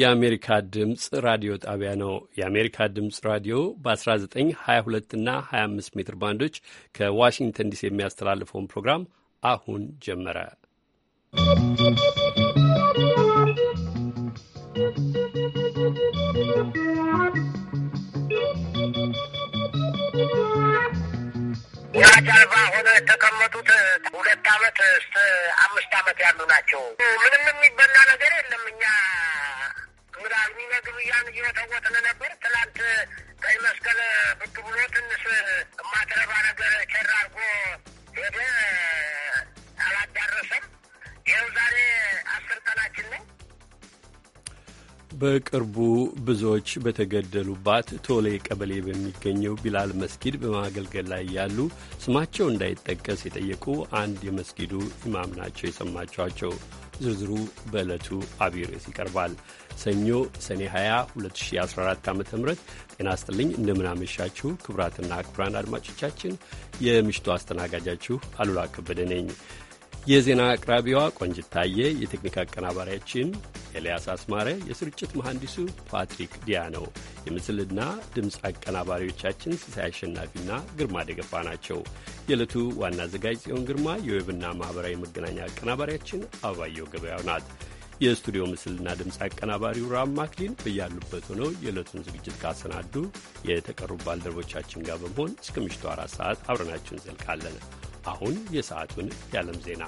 የአሜሪካ ድምፅ ራዲዮ ጣቢያ ነው። የአሜሪካ ድምፅ ራዲዮ በ1922 እና 25 ሜትር ባንዶች ከዋሽንግተን ዲሲ የሚያስተላልፈውን ፕሮግራም አሁን ጀመረ። ያ ጀልባ ሆነ የተቀመጡት ሁለት አመት እስከ አምስት አመት ያሉ ናቸው። ምንም የሚበላ ነገር የለም እኛ ምናምን የሚነግሩ ያን እየተወጥን ነበር። ትላንት ቀይ መስቀል ብቅ ብሎ ትንሽ ማትረባ ነገር ቸር አድርጎ ሄደ፣ አላዳረሰም። ይኸው ዛሬ አስር ቀናችን ነው። በቅርቡ ብዙዎች በተገደሉባት ቶሌ ቀበሌ በሚገኘው ቢላል መስጊድ በማገልገል ላይ ያሉ ስማቸው እንዳይጠቀስ የጠየቁ አንድ የመስጊዱ ኢማም ናቸው የሰማችኋቸው። ዝርዝሩ በዕለቱ አብይ ርዕስ ይቀርባል። ሰኞ ሰኔ 20 2014 ዓ ም ጤና ስጥልኝ። እንደምናመሻችሁ ክቡራትና ክቡራን አድማጮቻችን የምሽቱ አስተናጋጃችሁ አሉላ ከበደ ነኝ። የዜና አቅራቢዋ ቆንጅታየ፣ የቴክኒክ አቀናባሪያችን ኤልያስ አስማረ፣ የስርጭት መሐንዲሱ ፓትሪክ ዲያ ነው። የምስልና ድምፅ አቀናባሪዎቻችን ሲሳይ አሸናፊና ግርማ ደገፋ ናቸው። የዕለቱ ዋና አዘጋጅ ጽዮን ግርማ፣ የዌብና ማኅበራዊ መገናኛ አቀናባሪያችን አበባየው ገበያው ናት። የስቱዲዮ ምስልና ድምፅ አቀናባሪው ራም ማክሊን በያሉበት ሆነው የዕለቱን ዝግጅት ካሰናዱ የተቀሩ ባልደረቦቻችን ጋር በመሆን እስከ ምሽቱ አራት ሰዓት አብረናችሁ እንዘልቃለን። አሁን የሰዓቱን የዓለም ዜና።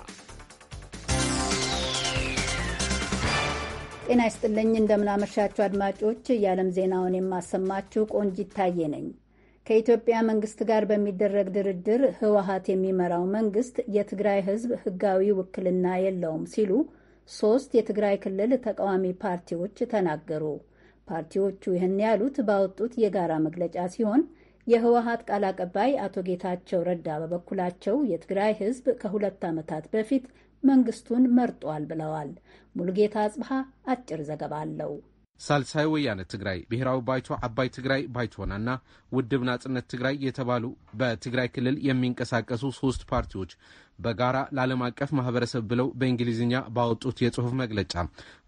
ጤና ይስጥልኝ፣ እንደምናመሻችሁ አድማጮች። የዓለም ዜናውን የማሰማችሁ ቆንጂት ታዬ ነኝ። ከኢትዮጵያ መንግስት ጋር በሚደረግ ድርድር ህወሀት የሚመራው መንግስት የትግራይ ህዝብ ህጋዊ ውክልና የለውም ሲሉ ሶስት የትግራይ ክልል ተቃዋሚ ፓርቲዎች ተናገሩ። ፓርቲዎቹ ይህን ያሉት ባወጡት የጋራ መግለጫ ሲሆን የህወሀት ቃል አቀባይ አቶ ጌታቸው ረዳ በበኩላቸው የትግራይ ህዝብ ከሁለት ዓመታት በፊት መንግስቱን መርጧል ብለዋል። ሙሉጌታ አጽብሃ አጭር ዘገባ አለው። ሳልሳይ ወያነ ትግራይ፣ ብሔራዊ ባይቶ አባይ ትግራይ ባይቶናና ውድብ ናጽነት ትግራይ የተባሉ በትግራይ ክልል የሚንቀሳቀሱ ሶስት ፓርቲዎች በጋራ ለዓለም አቀፍ ማህበረሰብ ብለው በእንግሊዝኛ ባወጡት የጽሑፍ መግለጫ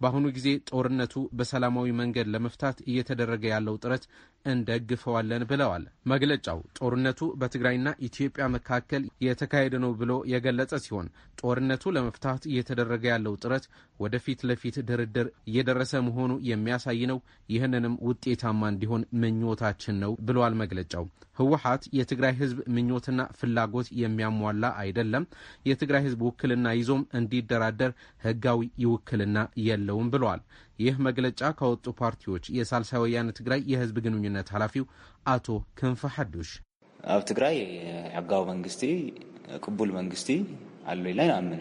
በአሁኑ ጊዜ ጦርነቱ በሰላማዊ መንገድ ለመፍታት እየተደረገ ያለው ጥረት እንደግፈዋለን ብለዋል። መግለጫው ጦርነቱ በትግራይና ኢትዮጵያ መካከል የተካሄደ ነው ብሎ የገለጸ ሲሆን ጦርነቱ ለመፍታት እየተደረገ ያለው ጥረት ወደፊት ለፊት ድርድር እየደረሰ መሆኑ የሚያሳይ ነው። ይህንንም ውጤታማ እንዲሆን ምኞታችን ነው ብለዋል መግለጫው። ህወሀት የትግራይ ህዝብ ምኞትና ፍላጎት የሚያሟላ አይደለም፣ የትግራይ ህዝብ ውክልና ይዞም እንዲደራደር ህጋዊ ውክልና የለውም ብለዋል። ይህ መግለጫ ከወጡ ፓርቲዎች የሳልሳይ ወያነ ትግራይ የህዝብ ግንኙነት ኃላፊው አቶ ክንፈ ሐዱሽ ኣብ ትግራይ ሕጋዊ መንግስቲ ቅቡል መንግስቲ ኣሎ ኢለ ይንኣምንን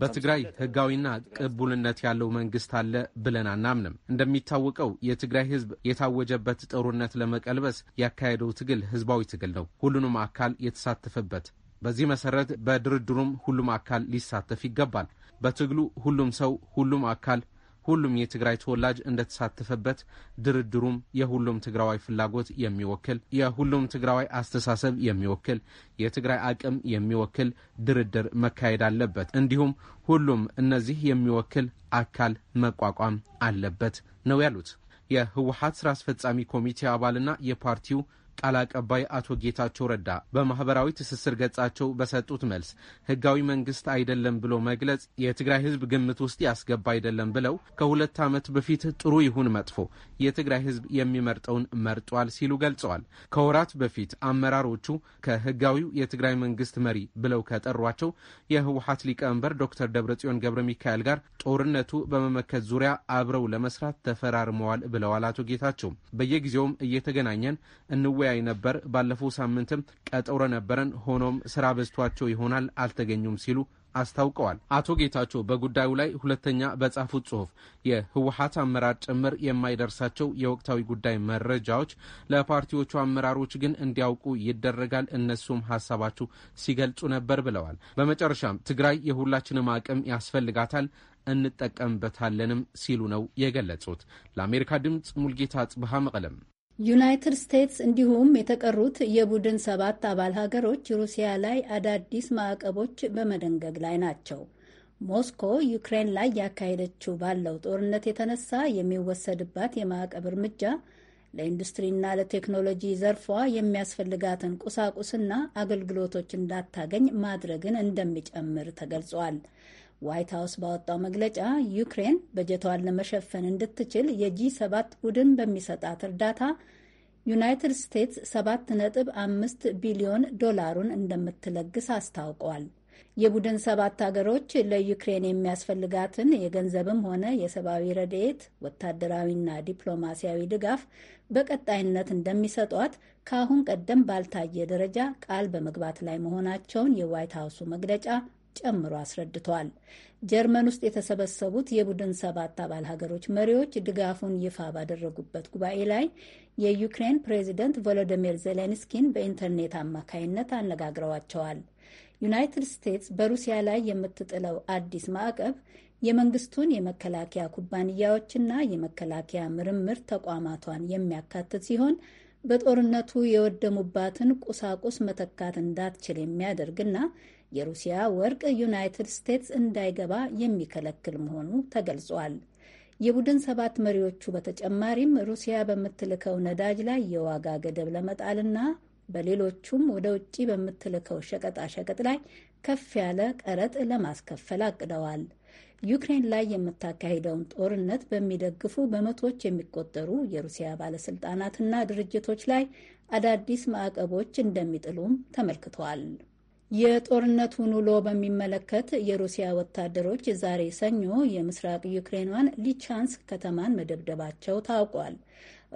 በትግራይ ህጋዊና ቅቡልነት ያለው መንግስት አለ ብለን አናምንም። እንደሚታወቀው የትግራይ ህዝብ የታወጀበት ጦርነት ለመቀልበስ ያካሄደው ትግል ህዝባዊ ትግል ነው፣ ሁሉንም አካል የተሳተፈበት። በዚህ መሰረት በድርድሩም ሁሉም አካል ሊሳተፍ ይገባል። በትግሉ ሁሉም ሰው፣ ሁሉም አካል ሁሉም የትግራይ ተወላጅ እንደተሳተፈበት ድርድሩም የሁሉም ትግራዋይ ፍላጎት የሚወክል የሁሉም ትግራዋይ አስተሳሰብ የሚወክል የትግራይ አቅም የሚወክል ድርድር መካሄድ አለበት። እንዲሁም ሁሉም እነዚህ የሚወክል አካል መቋቋም አለበት ነው ያሉት የህወሀት ስራ አስፈጻሚ ኮሚቴ አባልና የፓርቲው ቃል አቀባይ አቶ ጌታቸው ረዳ በማህበራዊ ትስስር ገጻቸው በሰጡት መልስ ህጋዊ መንግስት አይደለም ብሎ መግለጽ የትግራይ ህዝብ ግምት ውስጥ ያስገባ አይደለም ብለው ከሁለት ዓመት በፊት ጥሩ ይሁን መጥፎ የትግራይ ህዝብ የሚመርጠውን መርጧል ሲሉ ገልጸዋል። ከወራት በፊት አመራሮቹ ከህጋዊው የትግራይ መንግስት መሪ ብለው ከጠሯቸው የህወሀት ሊቀመንበር ዶክተር ደብረጽዮን ገብረ ሚካኤል ጋር ጦርነቱ በመመከት ዙሪያ አብረው ለመስራት ተፈራርመዋል ብለዋል። አቶ ጌታቸው በየጊዜውም እየተገናኘን እንወያ ጉዳይ ነበር። ባለፈው ሳምንትም ቀጠሮ ነበረን። ሆኖም ስራ በዝቷቸው ይሆናል አልተገኙም ሲሉ አስታውቀዋል። አቶ ጌታቸው በጉዳዩ ላይ ሁለተኛ በጻፉት ጽሁፍ የህወሀት አመራር ጭምር የማይደርሳቸው የወቅታዊ ጉዳይ መረጃዎች ለፓርቲዎቹ አመራሮች ግን እንዲያውቁ ይደረጋል፣ እነሱም ሀሳባችሁ ሲገልጹ ነበር ብለዋል። በመጨረሻም ትግራይ የሁላችንም አቅም ያስፈልጋታል እንጠቀምበታለንም ሲሉ ነው የገለጹት። ለአሜሪካ ድምፅ ሙልጌታ ጽብሃ መቀለም ዩናይትድ ስቴትስ እንዲሁም የተቀሩት የቡድን ሰባት አባል ሀገሮች ሩሲያ ላይ አዳዲስ ማዕቀቦች በመደንገግ ላይ ናቸው። ሞስኮ ዩክሬን ላይ ያካሄደችው ባለው ጦርነት የተነሳ የሚወሰድባት የማዕቀብ እርምጃ ለኢንዱስትሪና ለቴክኖሎጂ ዘርፏ የሚያስፈልጋትን ቁሳቁስና አገልግሎቶች እንዳታገኝ ማድረግን እንደሚጨምር ተገልጿል። ዋይት ሀውስ ባወጣው መግለጫ ዩክሬን በጀቷን ለመሸፈን እንድትችል የጂ ሰባት ቡድን በሚሰጣት እርዳታ ዩናይትድ ስቴትስ ነጥብ አምስት ቢሊዮን ዶላሩን እንደምትለግስ አስታውቋል። የቡድን ሰባት አገሮች ለዩክሬን የሚያስፈልጋትን የገንዘብም ሆነ የሰብአዊ ረድኤት፣ ወታደራዊና ዲፕሎማሲያዊ ድጋፍ በቀጣይነት እንደሚሰጧት ከአሁን ቀደም ባልታየ ደረጃ ቃል በመግባት ላይ መሆናቸውን የዋይት ሀውሱ መግለጫ ጨምሮ አስረድቷል። ጀርመን ውስጥ የተሰበሰቡት የቡድን ሰባት አባል ሀገሮች መሪዎች ድጋፉን ይፋ ባደረጉበት ጉባኤ ላይ የዩክሬን ፕሬዚደንት ቮሎዲሚር ዜሌንስኪን በኢንተርኔት አማካይነት አነጋግረዋቸዋል። ዩናይትድ ስቴትስ በሩሲያ ላይ የምትጥለው አዲስ ማዕቀብ የመንግስቱን የመከላከያ ኩባንያዎችና የመከላከያ ምርምር ተቋማቷን የሚያካትት ሲሆን በጦርነቱ የወደሙባትን ቁሳቁስ መተካት እንዳትችል የሚያደርግና የሩሲያ ወርቅ ዩናይትድ ስቴትስ እንዳይገባ የሚከለክል መሆኑ ተገልጿል። የቡድን ሰባት መሪዎቹ በተጨማሪም ሩሲያ በምትልከው ነዳጅ ላይ የዋጋ ገደብ ለመጣልና በሌሎቹም ወደ ውጭ በምትልከው ሸቀጣሸቀጥ ላይ ከፍ ያለ ቀረጥ ለማስከፈል አቅደዋል። ዩክሬን ላይ የምታካሂደውን ጦርነት በሚደግፉ በመቶዎች የሚቆጠሩ የሩሲያ ባለስልጣናትና ድርጅቶች ላይ አዳዲስ ማዕቀቦች እንደሚጥሉም ተመልክተዋል። የጦርነቱን ውሎ በሚመለከት የሩሲያ ወታደሮች ዛሬ ሰኞ የምስራቅ ዩክሬኗን ሊቻንስክ ከተማን መደብደባቸው ታውቋል።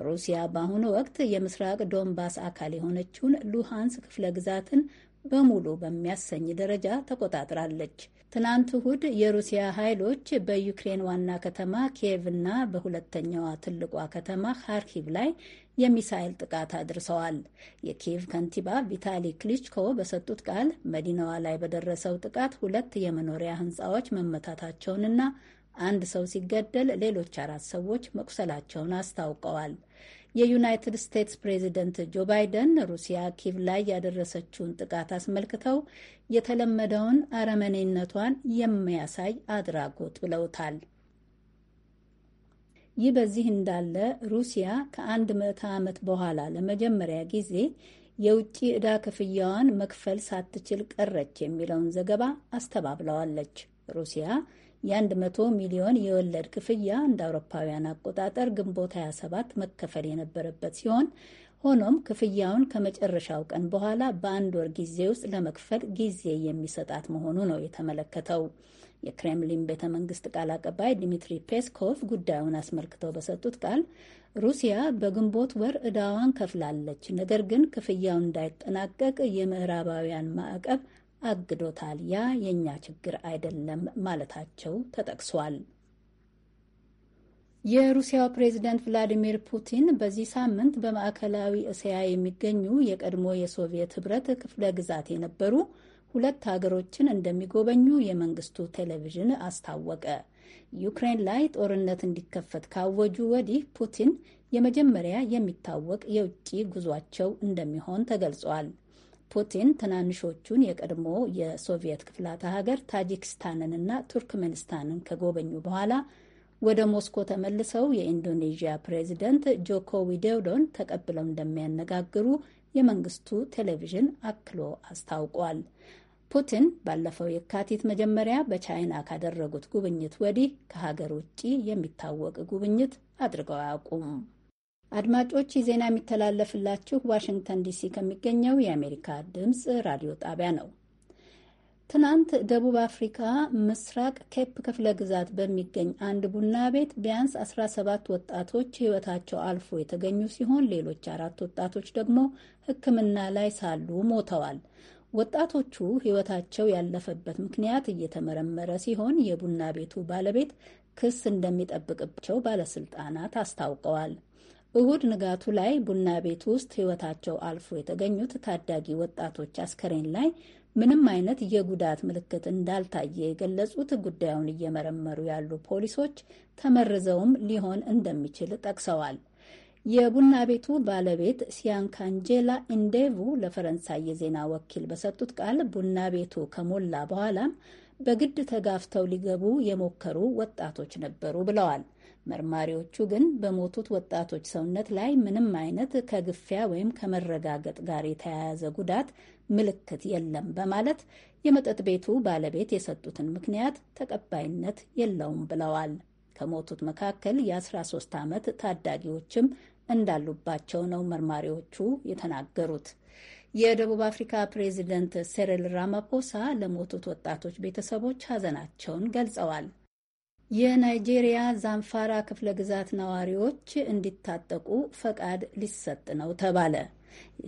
ሩሲያ በአሁኑ ወቅት የምስራቅ ዶንባስ አካል የሆነችውን ሉሃንስ ክፍለ ግዛትን በሙሉ በሚያሰኝ ደረጃ ተቆጣጥራለች። ትናንት እሁድ የሩሲያ ኃይሎች በዩክሬን ዋና ከተማ ኪየቭ እና በሁለተኛዋ ትልቋ ከተማ ካርኪቭ ላይ የሚሳኤል ጥቃት አድርሰዋል። የኪየቭ ከንቲባ ቪታሊ ክሊችኮ በሰጡት ቃል መዲናዋ ላይ በደረሰው ጥቃት ሁለት የመኖሪያ ሕንፃዎች መመታታቸውንና አንድ ሰው ሲገደል ሌሎች አራት ሰዎች መቁሰላቸውን አስታውቀዋል። የዩናይትድ ስቴትስ ፕሬዚደንት ጆ ባይደን ሩሲያ ኪቭ ላይ ያደረሰችውን ጥቃት አስመልክተው የተለመደውን አረመኔነቷን የሚያሳይ አድራጎት ብለውታል። ይህ በዚህ እንዳለ ሩሲያ ከአንድ መቶ ዓመት በኋላ ለመጀመሪያ ጊዜ የውጭ ዕዳ ክፍያዋን መክፈል ሳትችል ቀረች የሚለውን ዘገባ አስተባብለዋለች። ሩሲያ የ100 ሚሊዮን የወለድ ክፍያ እንደ አውሮፓውያን አቆጣጠር ግንቦት 27 መከፈል የነበረበት ሲሆን ሆኖም ክፍያውን ከመጨረሻው ቀን በኋላ በአንድ ወር ጊዜ ውስጥ ለመክፈል ጊዜ የሚሰጣት መሆኑ ነው የተመለከተው። የክሬምሊን ቤተ መንግስት ቃል አቀባይ ዲሚትሪ ፔስኮቭ ጉዳዩን አስመልክተው በሰጡት ቃል ሩሲያ በግንቦት ወር ዕዳዋን ከፍላለች፣ ነገር ግን ክፍያው እንዳይጠናቀቅ የምዕራባውያን ማዕቀብ አግዶታል። ያ የእኛ ችግር አይደለም ማለታቸው ተጠቅሷል። የሩሲያው ፕሬዝደንት ቭላዲሚር ፑቲን በዚህ ሳምንት በማዕከላዊ እስያ የሚገኙ የቀድሞ የሶቪየት ህብረት ክፍለ ግዛት የነበሩ ሁለት ሀገሮችን እንደሚጎበኙ የመንግስቱ ቴሌቪዥን አስታወቀ። ዩክሬን ላይ ጦርነት እንዲከፈት ካወጁ ወዲህ ፑቲን የመጀመሪያ የሚታወቅ የውጭ ጉዟቸው እንደሚሆን ተገልጿል። ፑቲን ትናንሾቹን የቀድሞ የሶቪየት ክፍላተ ሀገር ታጂክስታንንና ቱርክሜኒስታንን ከጎበኙ በኋላ ወደ ሞስኮ ተመልሰው የኢንዶኔዥያ ፕሬዚደንት ጆኮ ዊዶዶን ተቀብለው እንደሚያነጋግሩ የመንግስቱ ቴሌቪዥን አክሎ አስታውቋል። ፑቲን ባለፈው የካቲት መጀመሪያ በቻይና ካደረጉት ጉብኝት ወዲህ ከሀገር ውጭ የሚታወቅ ጉብኝት አድርገው አያውቁም። አድማጮች፣ ዜና የሚተላለፍላችሁ ዋሽንግተን ዲሲ ከሚገኘው የአሜሪካ ድምፅ ራዲዮ ጣቢያ ነው። ትናንት ደቡብ አፍሪካ ምስራቅ ኬፕ ክፍለ ግዛት በሚገኝ አንድ ቡና ቤት ቢያንስ 17 ወጣቶች ሕይወታቸው አልፎ የተገኙ ሲሆን ሌሎች አራት ወጣቶች ደግሞ ሕክምና ላይ ሳሉ ሞተዋል። ወጣቶቹ ሕይወታቸው ያለፈበት ምክንያት እየተመረመረ ሲሆን የቡና ቤቱ ባለቤት ክስ እንደሚጠብቅባቸው ባለስልጣናት አስታውቀዋል። እሁድ ንጋቱ ላይ ቡና ቤት ውስጥ ሕይወታቸው አልፎ የተገኙት ታዳጊ ወጣቶች አስከሬን ላይ ምንም አይነት የጉዳት ምልክት እንዳልታየ የገለጹት ጉዳዩን እየመረመሩ ያሉ ፖሊሶች ተመርዘውም ሊሆን እንደሚችል ጠቅሰዋል። የቡና ቤቱ ባለቤት ሲያንካንጄላ ኢንዴቩ ለፈረንሳይ የዜና ወኪል በሰጡት ቃል ቡና ቤቱ ከሞላ በኋላም በግድ ተጋፍተው ሊገቡ የሞከሩ ወጣቶች ነበሩ ብለዋል። መርማሪዎቹ ግን በሞቱት ወጣቶች ሰውነት ላይ ምንም አይነት ከግፊያ ወይም ከመረጋገጥ ጋር የተያያዘ ጉዳት ምልክት የለም በማለት የመጠጥ ቤቱ ባለቤት የሰጡትን ምክንያት ተቀባይነት የለውም ብለዋል። ከሞቱት መካከል የ13 ዓመት ታዳጊዎችም እንዳሉባቸው ነው መርማሪዎቹ የተናገሩት። የደቡብ አፍሪካ ፕሬዚደንት ሴሪል ራማፖሳ ለሞቱት ወጣቶች ቤተሰቦች ሀዘናቸውን ገልጸዋል። የናይጄሪያ ዛንፋራ ክፍለ ግዛት ነዋሪዎች እንዲታጠቁ ፈቃድ ሊሰጥ ነው ተባለ።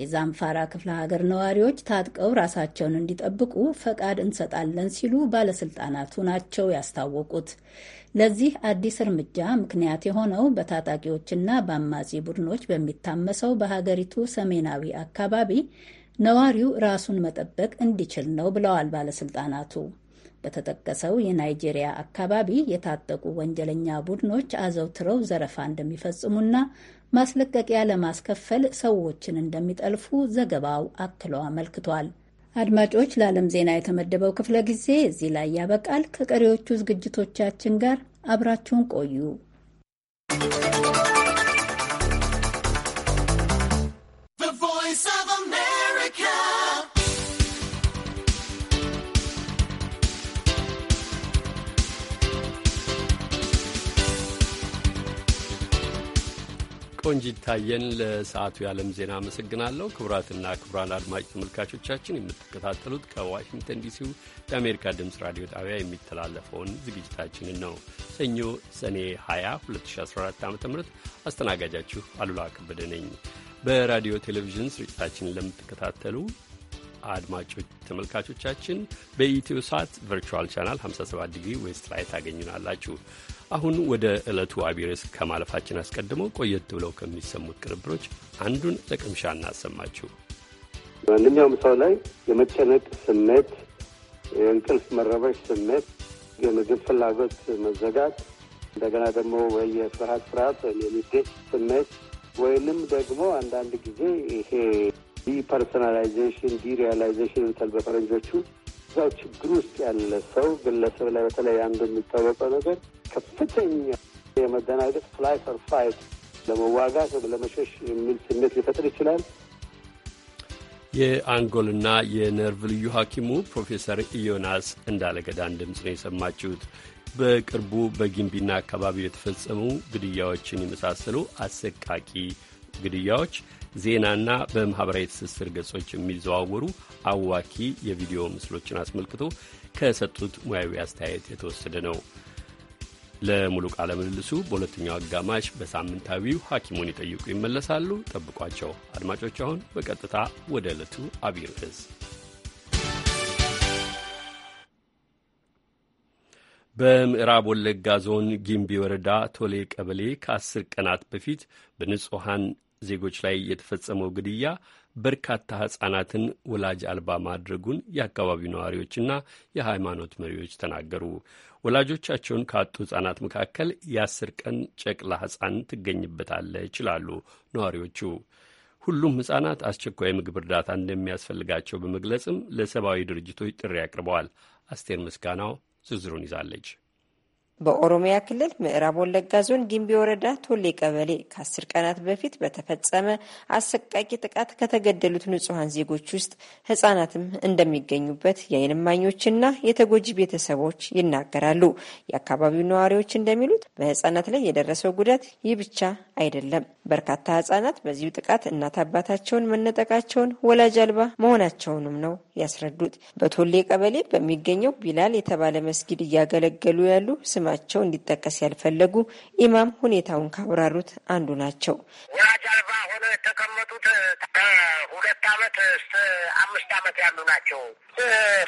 የዛንፋራ ክፍለ ሀገር ነዋሪዎች ታጥቀው ራሳቸውን እንዲጠብቁ ፈቃድ እንሰጣለን ሲሉ ባለስልጣናቱ ናቸው ያስታወቁት። ለዚህ አዲስ እርምጃ ምክንያት የሆነው በታጣቂዎችና በአማጺ ቡድኖች በሚታመሰው በሀገሪቱ ሰሜናዊ አካባቢ ነዋሪው ራሱን መጠበቅ እንዲችል ነው ብለዋል ባለስልጣናቱ። በተጠቀሰው የናይጄሪያ አካባቢ የታጠቁ ወንጀለኛ ቡድኖች አዘውትረው ዘረፋ እንደሚፈጽሙና ማስለቀቂያ ለማስከፈል ሰዎችን እንደሚጠልፉ ዘገባው አክሎ አመልክቷል። አድማጮች፣ ለዓለም ዜና የተመደበው ክፍለ ጊዜ እዚህ ላይ ያበቃል። ከቀሪዎቹ ዝግጅቶቻችን ጋር አብራችሁን ቆዩ። ቆንጂ ታየን ለሰዓቱ የዓለም ዜና አመሰግናለሁ። ክቡራትና ክቡራን አድማጭ ተመልካቾቻችን የምትከታተሉት ከዋሽንግተን ዲሲው የአሜሪካ ድምፅ ራዲዮ ጣቢያ የሚተላለፈውን ዝግጅታችንን ነው። ሰኞ ሰኔ 20 2014 ዓ ም አስተናጋጃችሁ አሉላ ከበደ ነኝ። በራዲዮ ቴሌቪዥን ስርጭታችንን ለምትከታተሉ አድማጮች ተመልካቾቻችን በኢትዮ ሳት ቨርቹዋል ቻናል 57 ዲግሪ ዌስት ላይ ታገኙናላችሁ። አሁን ወደ ዕለቱ አቢርስ ከማለፋችን አስቀድሞ ቆየት ብለው ከሚሰሙት ቅንብሮች አንዱን ለቅምሻ እናሰማችሁ። በማንኛውም ሰው ላይ የመጨነቅ ስሜት፣ የእንቅልፍ መረበሽ ስሜት፣ የምግብ ፍላጎት መዘጋት፣ እንደገና ደግሞ ወይ የፍርሃት ፍርሃት ወይም የሚደስ ስሜት ወይንም ደግሞ አንዳንድ ጊዜ ይሄ ዲፐርሰናላይዜሽን ዲሪያላይዜሽን ይሉታል በፈረንጆቹ እዛው ችግር ውስጥ ያለ ሰው ግለሰብ ላይ በተለይ አንዱ የሚታወቀው ነገር ከፍተኛ የመደናገጥ ፍላይ ፈር ፋይት ለመዋጋት ለመሸሽ የሚል ስሜት ሊፈጥር ይችላል። የአንጎልና የነርቭ ልዩ ሐኪሙ ፕሮፌሰር ኢዮናስ እንዳለገዳን ድምፅ ነው የሰማችሁት። በቅርቡ በጊምቢና አካባቢ የተፈጸሙ ግድያዎችን የመሳሰሉ አሰቃቂ ግድያዎች ዜናና በማኅበራዊ ትስስር ገጾች የሚዘዋወሩ አዋኪ የቪዲዮ ምስሎችን አስመልክቶ ከሰጡት ሙያዊ አስተያየት የተወሰደ ነው። ለሙሉ ቃለ ምልልሱ በሁለተኛው አጋማሽ በሳምንታዊው ሐኪሙን ይጠይቁ ይመለሳሉ። ጠብቋቸው አድማጮች። አሁን በቀጥታ ወደ ዕለቱ አብይ ርዕስ በምዕራብ ወለጋ ዞን ጊምቢ ወረዳ ቶሌ ቀበሌ ከአስር ቀናት በፊት በንጹሐን ዜጎች ላይ የተፈጸመው ግድያ በርካታ ሕፃናትን ወላጅ አልባ ማድረጉን የአካባቢው ነዋሪዎችና የሃይማኖት መሪዎች ተናገሩ። ወላጆቻቸውን ካጡ ሕፃናት መካከል የአስር ቀን ጨቅላ ሕፃን ትገኝበታለች ይላሉ ነዋሪዎቹ። ሁሉም ሕፃናት አስቸኳይ ምግብ እርዳታ እንደሚያስፈልጋቸው በመግለጽም ለሰብአዊ ድርጅቶች ጥሪ አቅርበዋል። አስቴር ምስጋናው ዝርዝሩን ይዛለች። በኦሮሚያ ክልል ምዕራብ ወለጋ ዞን ጊምቢ ወረዳ ቶሌ ቀበሌ ከአስር ቀናት በፊት በተፈጸመ አሰቃቂ ጥቃት ከተገደሉት ንጹሐን ዜጎች ውስጥ ህጻናትም እንደሚገኙበት የዓይን እማኞችና የተጎጂ ቤተሰቦች ይናገራሉ። የአካባቢው ነዋሪዎች እንደሚሉት በህጻናት ላይ የደረሰው ጉዳት ይህ ብቻ አይደለም። በርካታ ህጻናት በዚሁ ጥቃት እናት አባታቸውን መነጠቃቸውን፣ ወላጅ አልባ መሆናቸውንም ነው ያስረዱት። በቶሌ ቀበሌ በሚገኘው ቢላል የተባለ መስጊድ እያገለገሉ ያሉ ስማ ስማቸው እንዲጠቀስ ያልፈለጉ ኢማም ሁኔታውን ካብራሩት አንዱ ናቸው። ወላጅ አልባ ሆነው የተቀመጡት ከሁለት አመት እስከ አምስት አመት ያሉ ናቸው።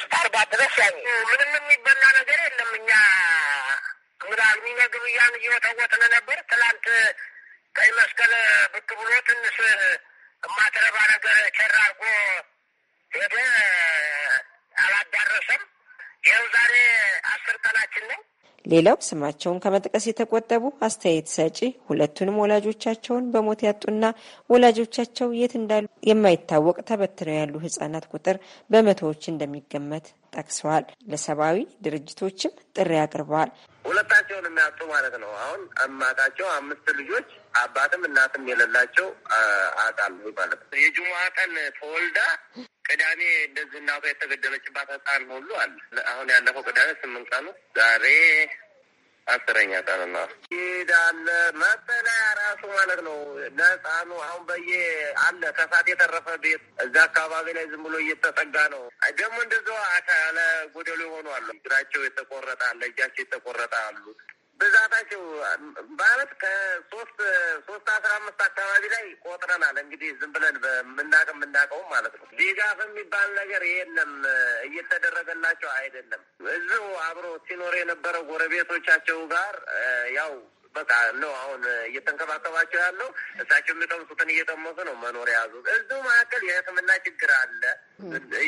ስታርባ ድረስ ያ ምንም የሚበላ ነገር የለም። እኛ ምናል ምግብ እያን እየወተወጥን ነበር። ትላንት ቀይ መስቀል ብቅ ብሎ ትንሽ የማትረባ ነገር ቸር አድርጎ ሄደ፣ አላዳረሰም። ይኸው ዛሬ አስር ቀናችን ነው። ሌላው ስማቸውን ከመጥቀስ የተቆጠቡ አስተያየት ሰጪ ሁለቱንም ወላጆቻቸውን በሞት ያጡና ወላጆቻቸው የት እንዳሉ የማይታወቅ ተበትነው ያሉ ህጻናት ቁጥር በመቶዎች እንደሚገመት ጠቅሰዋል። ለሰብአዊ ድርጅቶችም ጥሪ አቅርበዋል። ሁለታቸውን የሚያጡ ማለት ነው። አሁን እማቃቸው አምስት ልጆች አባትም እናትም የሌላቸው አውቃለሁ ማለት ነው። የጁማ ቀን ተወልዳ ቅዳሜ እንደዚህ እናቷ የተገደለችባት ህፃን ሁሉ አለ። አሁን ያለፈው ቅዳሜ ስምንት ቀኑ ዛሬ አስረኛ ቀን ነው። ይሄዳለ መጠለያ ራሱ ማለት ነው ለህፃኑ አሁን በየ አለ ከሳት የተረፈ ቤት እዛ አካባቢ ላይ ዝም ብሎ እየተጠጋ ነው። ደግሞ እንደዚ አካለ ጎደሉ የሆኑ አሉ። እግራቸው የተቆረጠ አለ፣ እጃቸው የተቆረጠ አሉ። ብዛታቸው ማለት ከሶስት ሶስት አስራ አምስት አካባቢ ላይ ቆጥረናል። እንግዲህ ዝም ብለን በምናቅ የምናቀውም ማለት ነው። ድጋፍ የሚባል ነገር የለም፣ እየተደረገላቸው አይደለም። እዚሁ አብሮ ሲኖር የነበረው ጎረቤቶቻቸው ጋር ያው በቃ ነው አሁን እየተንከባከባቸው ያለው እሳቸው የሚቀምሱትን እየጠመሱ ነው መኖር የያዙ። እዚሁ መካከል የሕክምና ችግር አለ፣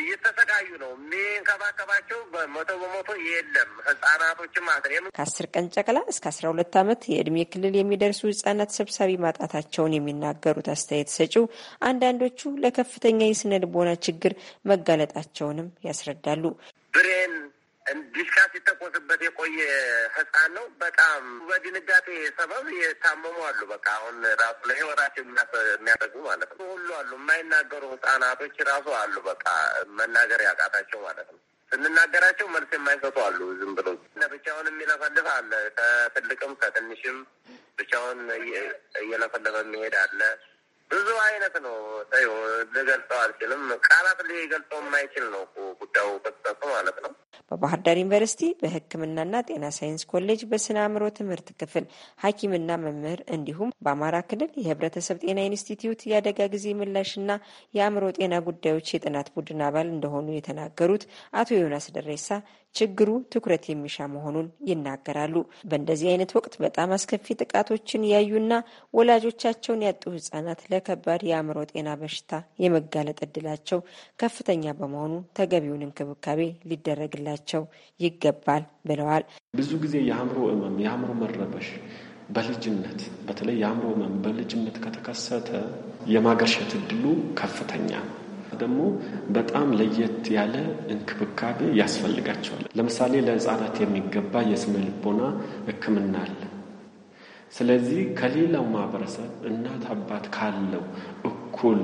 እየተሰቃዩ ነው። የሚንከባከባቸው በመቶ በመቶ የለም። ህጻናቶችም ማለት ነው ከአስር ቀን ጨቅላ እስከ አስራ ሁለት አመት የእድሜ ክልል የሚደርሱ ህጻናት ሰብሳቢ ማጣታቸውን የሚናገሩት አስተያየት ሰጪው አንዳንዶቹ ለከፍተኛ የስነ ልቦና ችግር መጋለጣቸውንም ያስረዳሉ። ብሬን ዲሽቃ ሲተኮስበት የቆየ ህፃን ነው። በጣም በድንጋጤ ሰበብ የታመሙ አሉ። በቃ አሁን ራሱ ላይ ወራሴ ማለት ነው ሁሉ አሉ። የማይናገሩ ህፃናቶች ራሱ አሉ። በቃ መናገር ያቃታቸው ማለት ነው። ስንናገራቸው መልስ የማይሰጡ አሉ። ዝም ብሎ ብቻውን የሚለፈልፍ አለ። ከትልቅም ከትንሽም ብቻውን እየለፈለፈ የሚሄድ አለ። ብዙ አይነት ነው። ልገልጸው አልችልም። ቃላት ሊገልጸው የማይችል ነው ጉዳዩ በተሰሱ ማለት ነው። በባህር ዳር ዩኒቨርሲቲ በሕክምናና ጤና ሳይንስ ኮሌጅ በስነ አእምሮ ትምህርት ክፍል ሐኪምና መምህር እንዲሁም በአማራ ክልል የህብረተሰብ ጤና ኢንስቲትዩት የአደጋ ጊዜ ምላሽና የአእምሮ ጤና ጉዳዮች የጥናት ቡድን አባል እንደሆኑ የተናገሩት አቶ ዮናስ ደሬሳ ችግሩ ትኩረት የሚሻ መሆኑን ይናገራሉ። በእንደዚህ አይነት ወቅት በጣም አስከፊ ጥቃቶችን ያዩና ወላጆቻቸውን ያጡ ህጻናት ለከባድ የአእምሮ ጤና በሽታ የመጋለጥ እድላቸው ከፍተኛ በመሆኑ ተገቢውን እንክብካቤ ሊደረግላቸው ይገባል ብለዋል። ብዙ ጊዜ የአእምሮ ህመም፣ የአእምሮ መረበሽ በልጅነት በተለይ የአእምሮ ህመም በልጅነት ከተከሰተ የማገርሸት እድሉ ከፍተኛ ነው። ደግሞ በጣም ለየት ያለ እንክብካቤ ያስፈልጋቸዋል። ለምሳሌ ለህፃናት የሚገባ የስነ ልቦና ሕክምና አለ። ስለዚህ ከሌላው ማህበረሰብ እናት አባት ካለው እኩል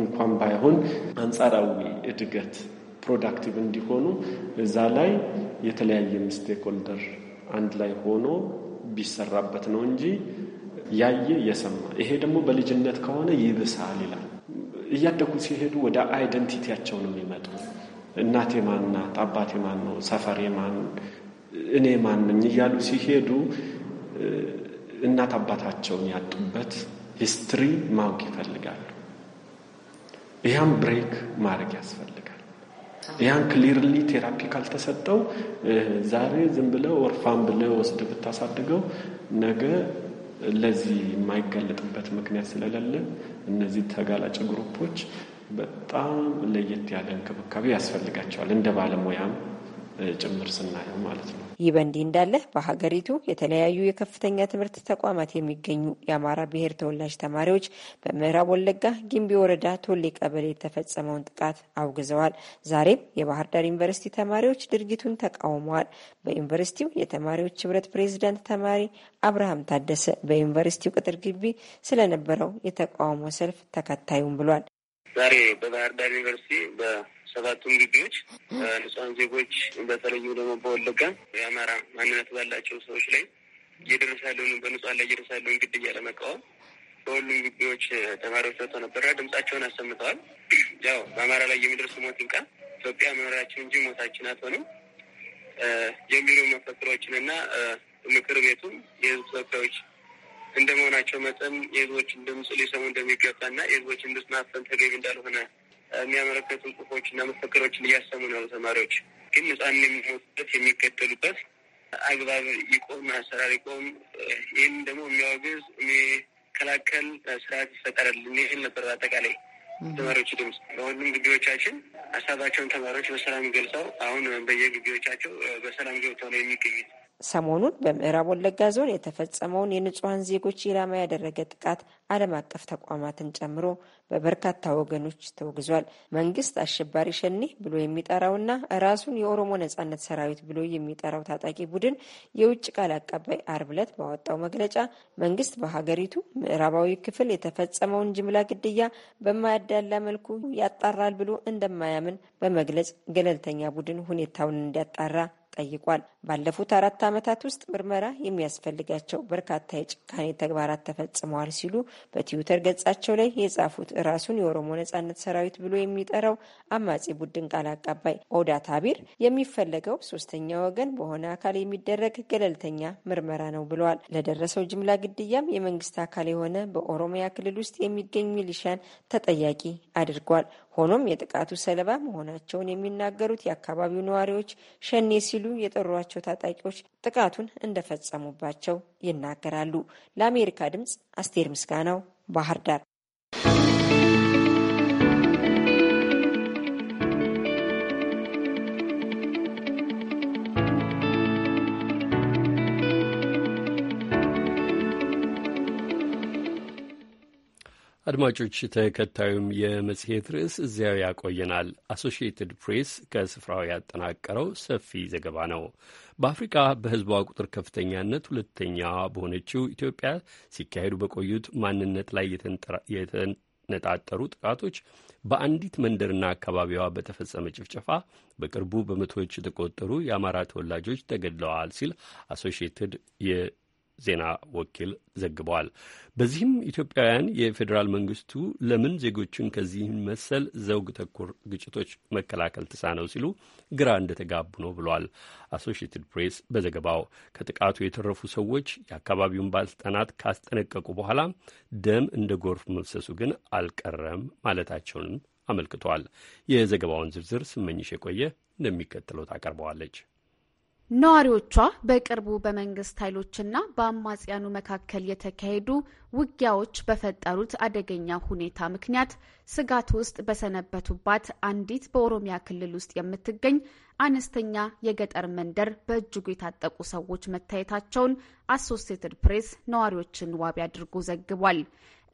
እንኳን ባይሆን አንጻራዊ እድገት ፕሮዳክቲቭ እንዲሆኑ እዛ ላይ የተለያየ ስቴክሆልደር አንድ ላይ ሆኖ ቢሰራበት ነው እንጂ ያየ የሰማ ይሄ ደግሞ በልጅነት ከሆነ ይብሳል ይላል። እያደጉ ሲሄዱ ወደ አይደንቲቲያቸው ነው የሚመጡ። እናቴ ማን ናት? አባቴ ማን ነው? ሰፈሬ ማን? እኔ ማን ነኝ? እያሉ ሲሄዱ እናት አባታቸውን ያጡበት ሂስትሪ ማወቅ ይፈልጋሉ። ይህም ብሬክ ማድረግ ያስፈልጋል። ያን ክሊርሊ ቴራፒ ካልተሰጠው ዛሬ ዝም ብለው ወርፋን ብለው ወስድ ብታሳድገው ነገ ለዚህ የማይገለጥበት ምክንያት ስለሌለ እነዚህ ተጋላጭ ግሩፖች በጣም ለየት ያለ እንክብካቤ ያስፈልጋቸዋል እንደ ባለሙያም ጭምር ስናየው ማለት ነው። ይህ በእንዲህ እንዳለ በሀገሪቱ የተለያዩ የከፍተኛ ትምህርት ተቋማት የሚገኙ የአማራ ብሔር ተወላጅ ተማሪዎች በምዕራብ ወለጋ ጊምቢ ወረዳ ቶሌ ቀበሌ የተፈጸመውን ጥቃት አውግዘዋል። ዛሬም የባህር ዳር ዩኒቨርሲቲ ተማሪዎች ድርጊቱን ተቃውመዋል። በዩኒቨርሲቲው የተማሪዎች ህብረት ፕሬዚዳንት ተማሪ አብርሃም ታደሰ በዩኒቨርሲቲው ቅጥር ግቢ ስለነበረው የተቃውሞ ሰልፍ ተከታዩም ብሏል። ዛሬ በባህር ዳር ዩኒቨርሲቲ ሰባቱን ግቢዎች ንጹሐን ዜጎች በተለይም ደግሞ በወለጋ የአማራ ማንነት ባላቸው ሰዎች ላይ እየደረሰ ያለውን በንጹሐን ላይ እየደረሰ ግድያ ለመቃወም በሁሉም ግቢዎች ተማሪዎች ሰጥተው ነበረ። ድምጻቸውን አሰምተዋል። ያው በአማራ ላይ የሚደርስ ሞት ይብቃ፣ ኢትዮጵያ መኖሪያችን እንጂ ሞታችን አትሆንም የሚሉ መፈክሮችን እና ምክር ቤቱም የህዝብ ተወካዮች እንደመሆናቸው መጠን የህዝቦችን ድምፅ ሊሰሙ እንደሚገባና የህዝቦችን ድምፅ ማፈን ተገቢ እንዳልሆነ የሚያመለከቱ ጽሁፎች እና መፈክሮችን እያሰሙ ነው። ተማሪዎች ግን ነጻን የሚሞቱበት የሚገደሉበት አግባብ ይቆም፣ አሰራር ይቆም። ይህን ደግሞ የሚያወግዝ የሚከላከል ስርዓት ይፈጠራልን። ይህን ነበር አጠቃላይ ተማሪዎች ድምጽ። በሁሉም ግቢዎቻችን ሀሳባቸውን ተማሪዎች በሰላም ገልጸው አሁን በየግቢዎቻቸው በሰላም ገብተው ነው የሚገኙት። ሰሞኑን በምዕራብ ወለጋ ዞን የተፈጸመውን የንጹሐን ዜጎች ኢላማ ያደረገ ጥቃት ዓለም አቀፍ ተቋማትን ጨምሮ በበርካታ ወገኖች ተወግዟል። መንግስት አሸባሪ ሸኔ ብሎ የሚጠራውና ራሱን የኦሮሞ ነጻነት ሰራዊት ብሎ የሚጠራው ታጣቂ ቡድን የውጭ ቃል አቀባይ አርብ ዕለት ባወጣው መግለጫ መንግስት በሀገሪቱ ምዕራባዊ ክፍል የተፈጸመውን ጅምላ ግድያ በማያዳላ መልኩ ያጣራል ብሎ እንደማያምን በመግለጽ ገለልተኛ ቡድን ሁኔታውን እንዲያጣራ ጠይቋል። ባለፉት አራት ዓመታት ውስጥ ምርመራ የሚያስፈልጋቸው በርካታ የጭካኔ ተግባራት ተፈጽመዋል ሲሉ በትዊተር ገጻቸው ላይ የጻፉት ራሱን የኦሮሞ ነጻነት ሰራዊት ብሎ የሚጠራው አማጺ ቡድን ቃል አቀባይ ኦዳ ታቢር የሚፈለገው ሶስተኛ ወገን በሆነ አካል የሚደረግ ገለልተኛ ምርመራ ነው ብለዋል። ለደረሰው ጅምላ ግድያም የመንግስት አካል የሆነ በኦሮሚያ ክልል ውስጥ የሚገኝ ሚሊሻን ተጠያቂ አድርጓል። ሆኖም የጥቃቱ ሰለባ መሆናቸውን የሚናገሩት የአካባቢው ነዋሪዎች ሸኔ ሲሉ የጠሯቸው ታጣቂዎች ጥቃቱን እንደፈጸሙባቸው ይናገራሉ። ለአሜሪካ ድምጽ አስቴር ምስጋናው ባህር ዳር። አድማጮች ተከታዩም የመጽሔት ርዕስ እዚያው ያቆየናል። አሶሺየትድ ፕሬስ ከስፍራው ያጠናቀረው ሰፊ ዘገባ ነው። በአፍሪካ በሕዝቧ ቁጥር ከፍተኛነት ሁለተኛዋ በሆነችው ኢትዮጵያ ሲካሄዱ በቆዩት ማንነት ላይ የተነጣጠሩ ጥቃቶች፣ በአንዲት መንደርና አካባቢዋ በተፈጸመ ጭፍጨፋ በቅርቡ በመቶዎች የተቆጠሩ የአማራ ተወላጆች ተገድለዋል ሲል አሶሺየትድ ዜና ወኪል ዘግበዋል። በዚህም ኢትዮጵያውያን የፌዴራል መንግስቱ ለምን ዜጎቹን ከዚህ መሰል ዘውግ ተኮር ግጭቶች መከላከል ተሳነው ሲሉ ግራ እንደተጋቡ ነው ብሏል አሶሺየትድ ፕሬስ በዘገባው። ከጥቃቱ የተረፉ ሰዎች የአካባቢውን ባለስልጣናት ካስጠነቀቁ በኋላ ደም እንደ ጎርፍ መፍሰሱ ግን አልቀረም ማለታቸውንም አመልክቷል። የዘገባውን ዝርዝር ስመኝሽ የቆየ እንደሚከተለው ታቀርበዋለች። ነዋሪዎቿ በቅርቡ በመንግስት ኃይሎችና በአማጽያኑ መካከል የተካሄዱ ውጊያዎች በፈጠሩት አደገኛ ሁኔታ ምክንያት ስጋት ውስጥ በሰነበቱባት አንዲት በኦሮሚያ ክልል ውስጥ የምትገኝ አነስተኛ የገጠር መንደር በእጅጉ የታጠቁ ሰዎች መታየታቸውን አሶሴትድ ፕሬስ ነዋሪዎችን ዋቢ አድርጎ ዘግቧል።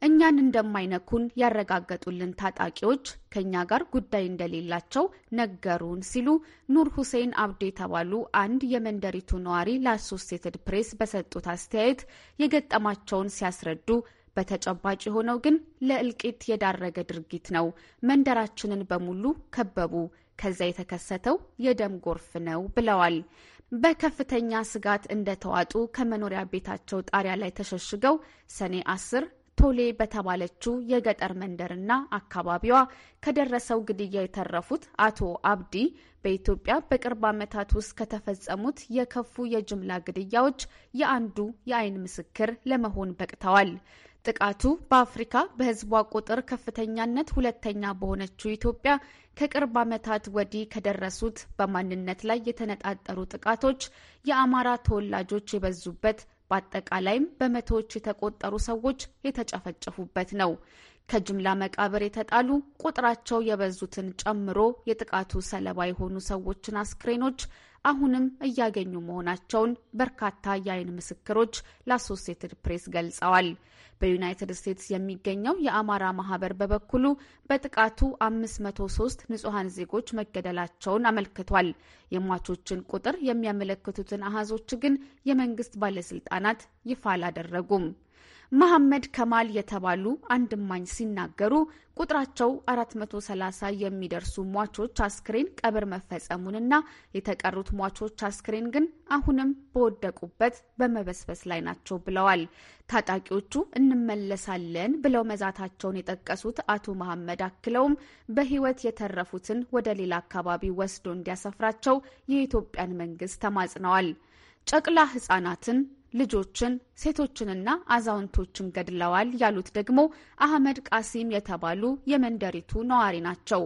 እኛን እንደማይነኩን ያረጋገጡልን ታጣቂዎች ከእኛ ጋር ጉዳይ እንደሌላቸው ነገሩን ሲሉ ኑር ሁሴን አብዱ የተባሉ አንድ የመንደሪቱ ነዋሪ ለአሶሴትድ ፕሬስ በሰጡት አስተያየት የገጠማቸውን ሲያስረዱ በተጨባጭ የሆነው ግን ለእልቂት የዳረገ ድርጊት ነው። መንደራችንን በሙሉ ከበቡ። ከዛ የተከሰተው የደም ጎርፍ ነው ብለዋል። በከፍተኛ ስጋት እንደተዋጡ ከመኖሪያ ቤታቸው ጣሪያ ላይ ተሸሽገው ሰኔ 10 ቶሌ በተባለችው የገጠር መንደርና አካባቢዋ ከደረሰው ግድያ የተረፉት አቶ አብዲ በኢትዮጵያ በቅርብ ዓመታት ውስጥ ከተፈጸሙት የከፉ የጅምላ ግድያዎች የአንዱ የአይን ምስክር ለመሆን በቅተዋል። ጥቃቱ በአፍሪካ በሕዝቧ ቁጥር ከፍተኛነት ሁለተኛ በሆነችው ኢትዮጵያ ከቅርብ ዓመታት ወዲህ ከደረሱት በማንነት ላይ የተነጣጠሩ ጥቃቶች የአማራ ተወላጆች የበዙበት በአጠቃላይም በመቶዎች የተቆጠሩ ሰዎች የተጨፈጨፉበት ነው። ከጅምላ መቃብር የተጣሉ ቁጥራቸው የበዙትን ጨምሮ የጥቃቱ ሰለባ የሆኑ ሰዎችን አስክሬኖች አሁንም እያገኙ መሆናቸውን በርካታ የአይን ምስክሮች ለአሶሴትድ ፕሬስ ገልጸዋል። በዩናይትድ ስቴትስ የሚገኘው የአማራ ማህበር በበኩሉ በጥቃቱ 503 ንጹሐን ዜጎች መገደላቸውን አመልክቷል። የሟቾችን ቁጥር የሚያመለክቱትን አሃዞች ግን የመንግስት ባለስልጣናት ይፋ አላደረጉም። መሐመድ ከማል የተባሉ አንድማኝ ሲናገሩ ቁጥራቸው 430 የሚደርሱ ሟቾች አስክሬን ቀብር መፈጸሙንና የተቀሩት ሟቾች አስክሬን ግን አሁንም በወደቁበት በመበስበስ ላይ ናቸው ብለዋል። ታጣቂዎቹ እንመለሳለን ብለው መዛታቸውን የጠቀሱት አቶ መሐመድ አክለውም በሕይወት የተረፉትን ወደ ሌላ አካባቢ ወስዶ እንዲያሰፍራቸው የኢትዮጵያን መንግስት ተማጽነዋል። ጨቅላ ህጻናትን ልጆችን፣ ሴቶችንና አዛውንቶችን ገድለዋል ያሉት ደግሞ አህመድ ቃሲም የተባሉ የመንደሪቱ ነዋሪ ናቸው።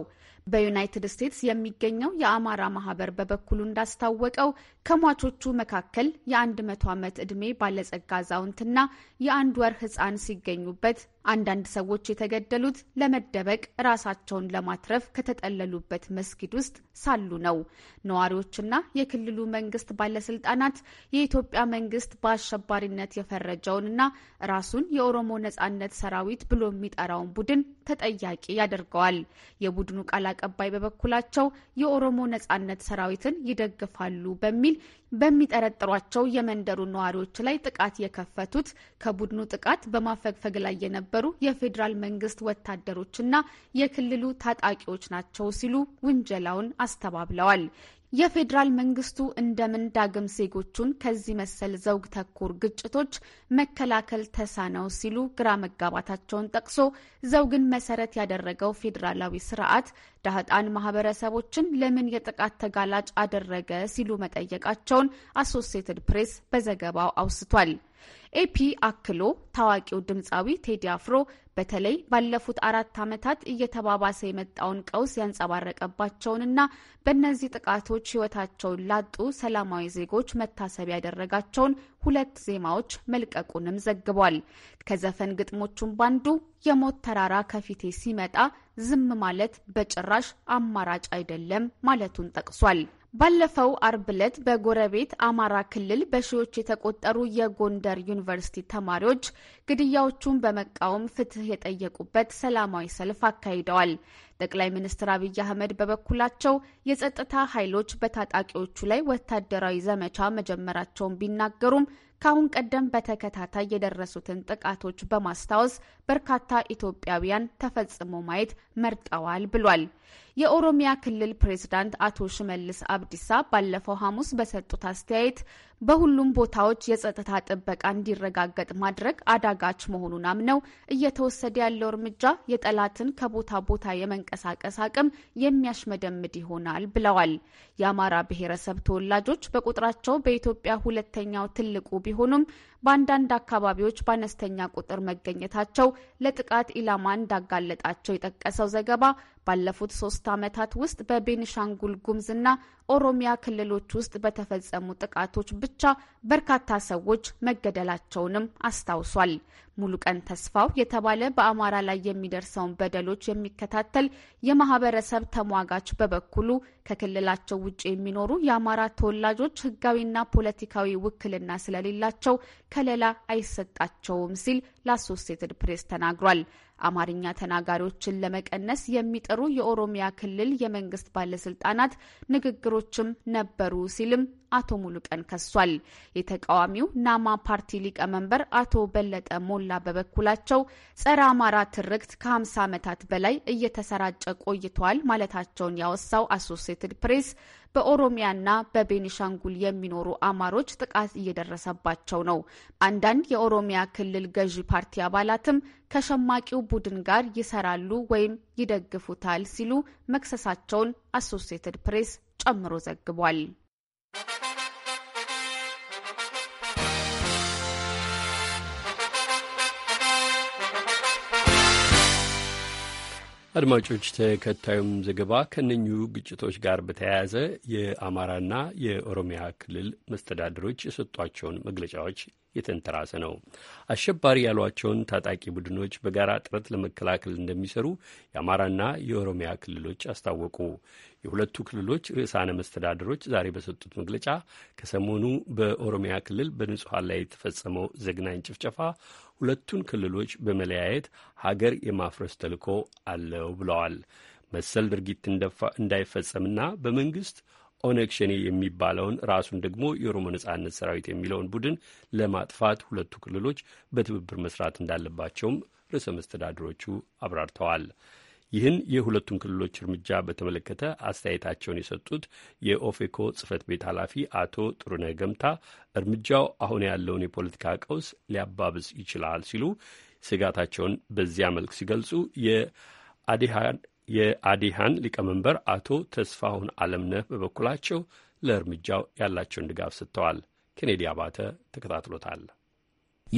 በዩናይትድ ስቴትስ የሚገኘው የአማራ ማህበር በበኩሉ እንዳስታወቀው ከሟቾቹ መካከል የአንድ መቶ ዓመት ዕድሜ ባለጸጋ አዛውንትና የአንድ ወር ሕፃን ሲገኙበት አንዳንድ ሰዎች የተገደሉት ለመደበቅ ራሳቸውን ለማትረፍ ከተጠለሉበት መስጊድ ውስጥ ሳሉ ነው። ነዋሪዎችና የክልሉ መንግስት ባለስልጣናት የኢትዮጵያ መንግስት በአሸባሪነት የፈረጀውንና ራሱን የኦሮሞ ነጻነት ሰራዊት ብሎ የሚጠራውን ቡድን ተጠያቂ ያደርገዋል። የቡድኑ ቃል አቀባይ በበኩላቸው የኦሮሞ ነጻነት ሰራዊትን ይደግፋሉ በሚል በሚጠረጥሯቸው የመንደሩ ነዋሪዎች ላይ ጥቃት የከፈቱት ከቡድኑ ጥቃት በማፈግፈግ ላይ የነበሩ የፌዴራል መንግስት ወታደሮችና የክልሉ ታጣቂዎች ናቸው ሲሉ ውንጀላውን አስተባብለዋል። የፌዴራል መንግስቱ እንደምን ዳግም ዜጎቹን ከዚህ መሰል ዘውግ ተኮር ግጭቶች መከላከል ተሳነው ሲሉ ግራ መጋባታቸውን ጠቅሶ ዘውግን መሰረት ያደረገው ፌዴራላዊ ስርዓት ዳህጣን ማህበረሰቦችን ለምን የጥቃት ተጋላጭ አደረገ ሲሉ መጠየቃቸውን አሶሲየትድ ፕሬስ በዘገባው አውስቷል። ኤፒ አክሎ ታዋቂው ድምፃዊ ቴዲ አፍሮ በተለይ ባለፉት አራት ዓመታት እየተባባሰ የመጣውን ቀውስ ያንጸባረቀባቸውንና በእነዚህ ጥቃቶች ሕይወታቸውን ላጡ ሰላማዊ ዜጎች መታሰቢያ ያደረጋቸውን ሁለት ዜማዎች መልቀቁንም ዘግቧል። ከዘፈን ግጥሞቹም ባንዱ የሞት ተራራ ከፊቴ ሲመጣ ዝም ማለት በጭራሽ አማራጭ አይደለም ማለቱን ጠቅሷል። ባለፈው አርብ ዕለት በጎረቤት አማራ ክልል በሺዎች የተቆጠሩ የጎንደር ዩኒቨርሲቲ ተማሪዎች ግድያዎቹን በመቃወም ፍትህ የጠየቁበት ሰላማዊ ሰልፍ አካሂደዋል። ጠቅላይ ሚኒስትር አብይ አህመድ በበኩላቸው የጸጥታ ኃይሎች በታጣቂዎቹ ላይ ወታደራዊ ዘመቻ መጀመራቸውን ቢናገሩም ከአሁን ቀደም በተከታታይ የደረሱትን ጥቃቶች በማስታወስ በርካታ ኢትዮጵያውያን ተፈጽሞ ማየት መርጠዋል ብሏል። የኦሮሚያ ክልል ፕሬዝዳንት አቶ ሽመልስ አብዲሳ ባለፈው ሐሙስ በሰጡት አስተያየት በሁሉም ቦታዎች የጸጥታ ጥበቃ እንዲረጋገጥ ማድረግ አዳጋች መሆኑን አምነው እየተወሰደ ያለው እርምጃ የጠላትን ከቦታ ቦታ የመንቀሳቀስ አቅም የሚያሽመደምድ ይሆናል ብለዋል። የአማራ ብሔረሰብ ተወላጆች በቁጥራቸው በኢትዮጵያ ሁለተኛው ትልቁ ቢሆኑም በአንዳንድ አካባቢዎች በአነስተኛ ቁጥር መገኘታቸው ለጥቃት ኢላማ እንዳጋለጣቸው የጠቀሰው ዘገባ ባለፉት ሶስት ዓመታት ውስጥ በቤኒሻንጉል ጉምዝና ኦሮሚያ ክልሎች ውስጥ በተፈጸሙ ጥቃቶች ብቻ በርካታ ሰዎች መገደላቸውንም አስታውሷል። ሙሉቀን ተስፋው የተባለ በአማራ ላይ የሚደርሰውን በደሎች የሚከታተል የማህበረሰብ ተሟጋች በበኩሉ ከክልላቸው ውጭ የሚኖሩ የአማራ ተወላጆች ህጋዊና ፖለቲካዊ ውክልና ስለሌላቸው ከለላ አይሰጣቸውም ሲል ለአሶሴትድ ፕሬስ ተናግሯል። አማርኛ ተናጋሪዎችን ለመቀነስ የሚጠሩ የኦሮሚያ ክልል የመንግስት ባለስልጣናት ንግግሮችም ነበሩ ሲልም አቶ ሙሉቀን ከሷል። የተቃዋሚው ናማ ፓርቲ ሊቀመንበር አቶ በለጠ ሞላ በበኩላቸው ጸረ አማራ ትርክት ከ50 ዓመታት በላይ እየተሰራጨ ቆይተዋል ማለታቸውን ያወሳው አሶሴትድ ፕሬስ በኦሮሚያና በቤኒሻንጉል የሚኖሩ አማሮች ጥቃት እየደረሰባቸው ነው። አንዳንድ የኦሮሚያ ክልል ገዢ ፓርቲ አባላትም ከሸማቂው ቡድን ጋር ይሰራሉ ወይም ይደግፉታል ሲሉ መክሰሳቸውን አሶሲየትድ ፕሬስ ጨምሮ ዘግቧል። አድማጮች ተከታዩም ዘገባ ከነኙ ግጭቶች ጋር በተያያዘ የአማራና የኦሮሚያ ክልል መስተዳድሮች የሰጧቸውን መግለጫዎች የተንተራሰ ነው። አሸባሪ ያሏቸውን ታጣቂ ቡድኖች በጋራ ጥረት ለመከላከል እንደሚሰሩ የአማራና የኦሮሚያ ክልሎች አስታወቁ። የሁለቱ ክልሎች ርዕሳነ መስተዳድሮች ዛሬ በሰጡት መግለጫ ከሰሞኑ በኦሮሚያ ክልል በንጹሐን ላይ የተፈጸመው ዘግናኝ ጭፍጨፋ ሁለቱን ክልሎች በመለያየት ሀገር የማፍረስ ተልዕኮ አለው ብለዋል። መሰል ድርጊት እንዳይፈጸምና በመንግስት ኦነግ ሸኔ የሚባለውን ራሱን ደግሞ የኦሮሞ ነጻነት ሰራዊት የሚለውን ቡድን ለማጥፋት ሁለቱ ክልሎች በትብብር መስራት እንዳለባቸውም ርዕሰ መስተዳድሮቹ አብራርተዋል። ይህን የሁለቱን ክልሎች እርምጃ በተመለከተ አስተያየታቸውን የሰጡት የኦፌኮ ጽህፈት ቤት ኃላፊ አቶ ጥሩነህ ገምታ እርምጃው አሁን ያለውን የፖለቲካ ቀውስ ሊያባብስ ይችላል ሲሉ ስጋታቸውን በዚያ መልክ ሲገልጹ የአዴሃን ሊቀመንበር አቶ ተስፋሁን አለምነህ በበኩላቸው ለእርምጃው ያላቸውን ድጋፍ ሰጥተዋል። ኬኔዲ አባተ ተከታትሎታል።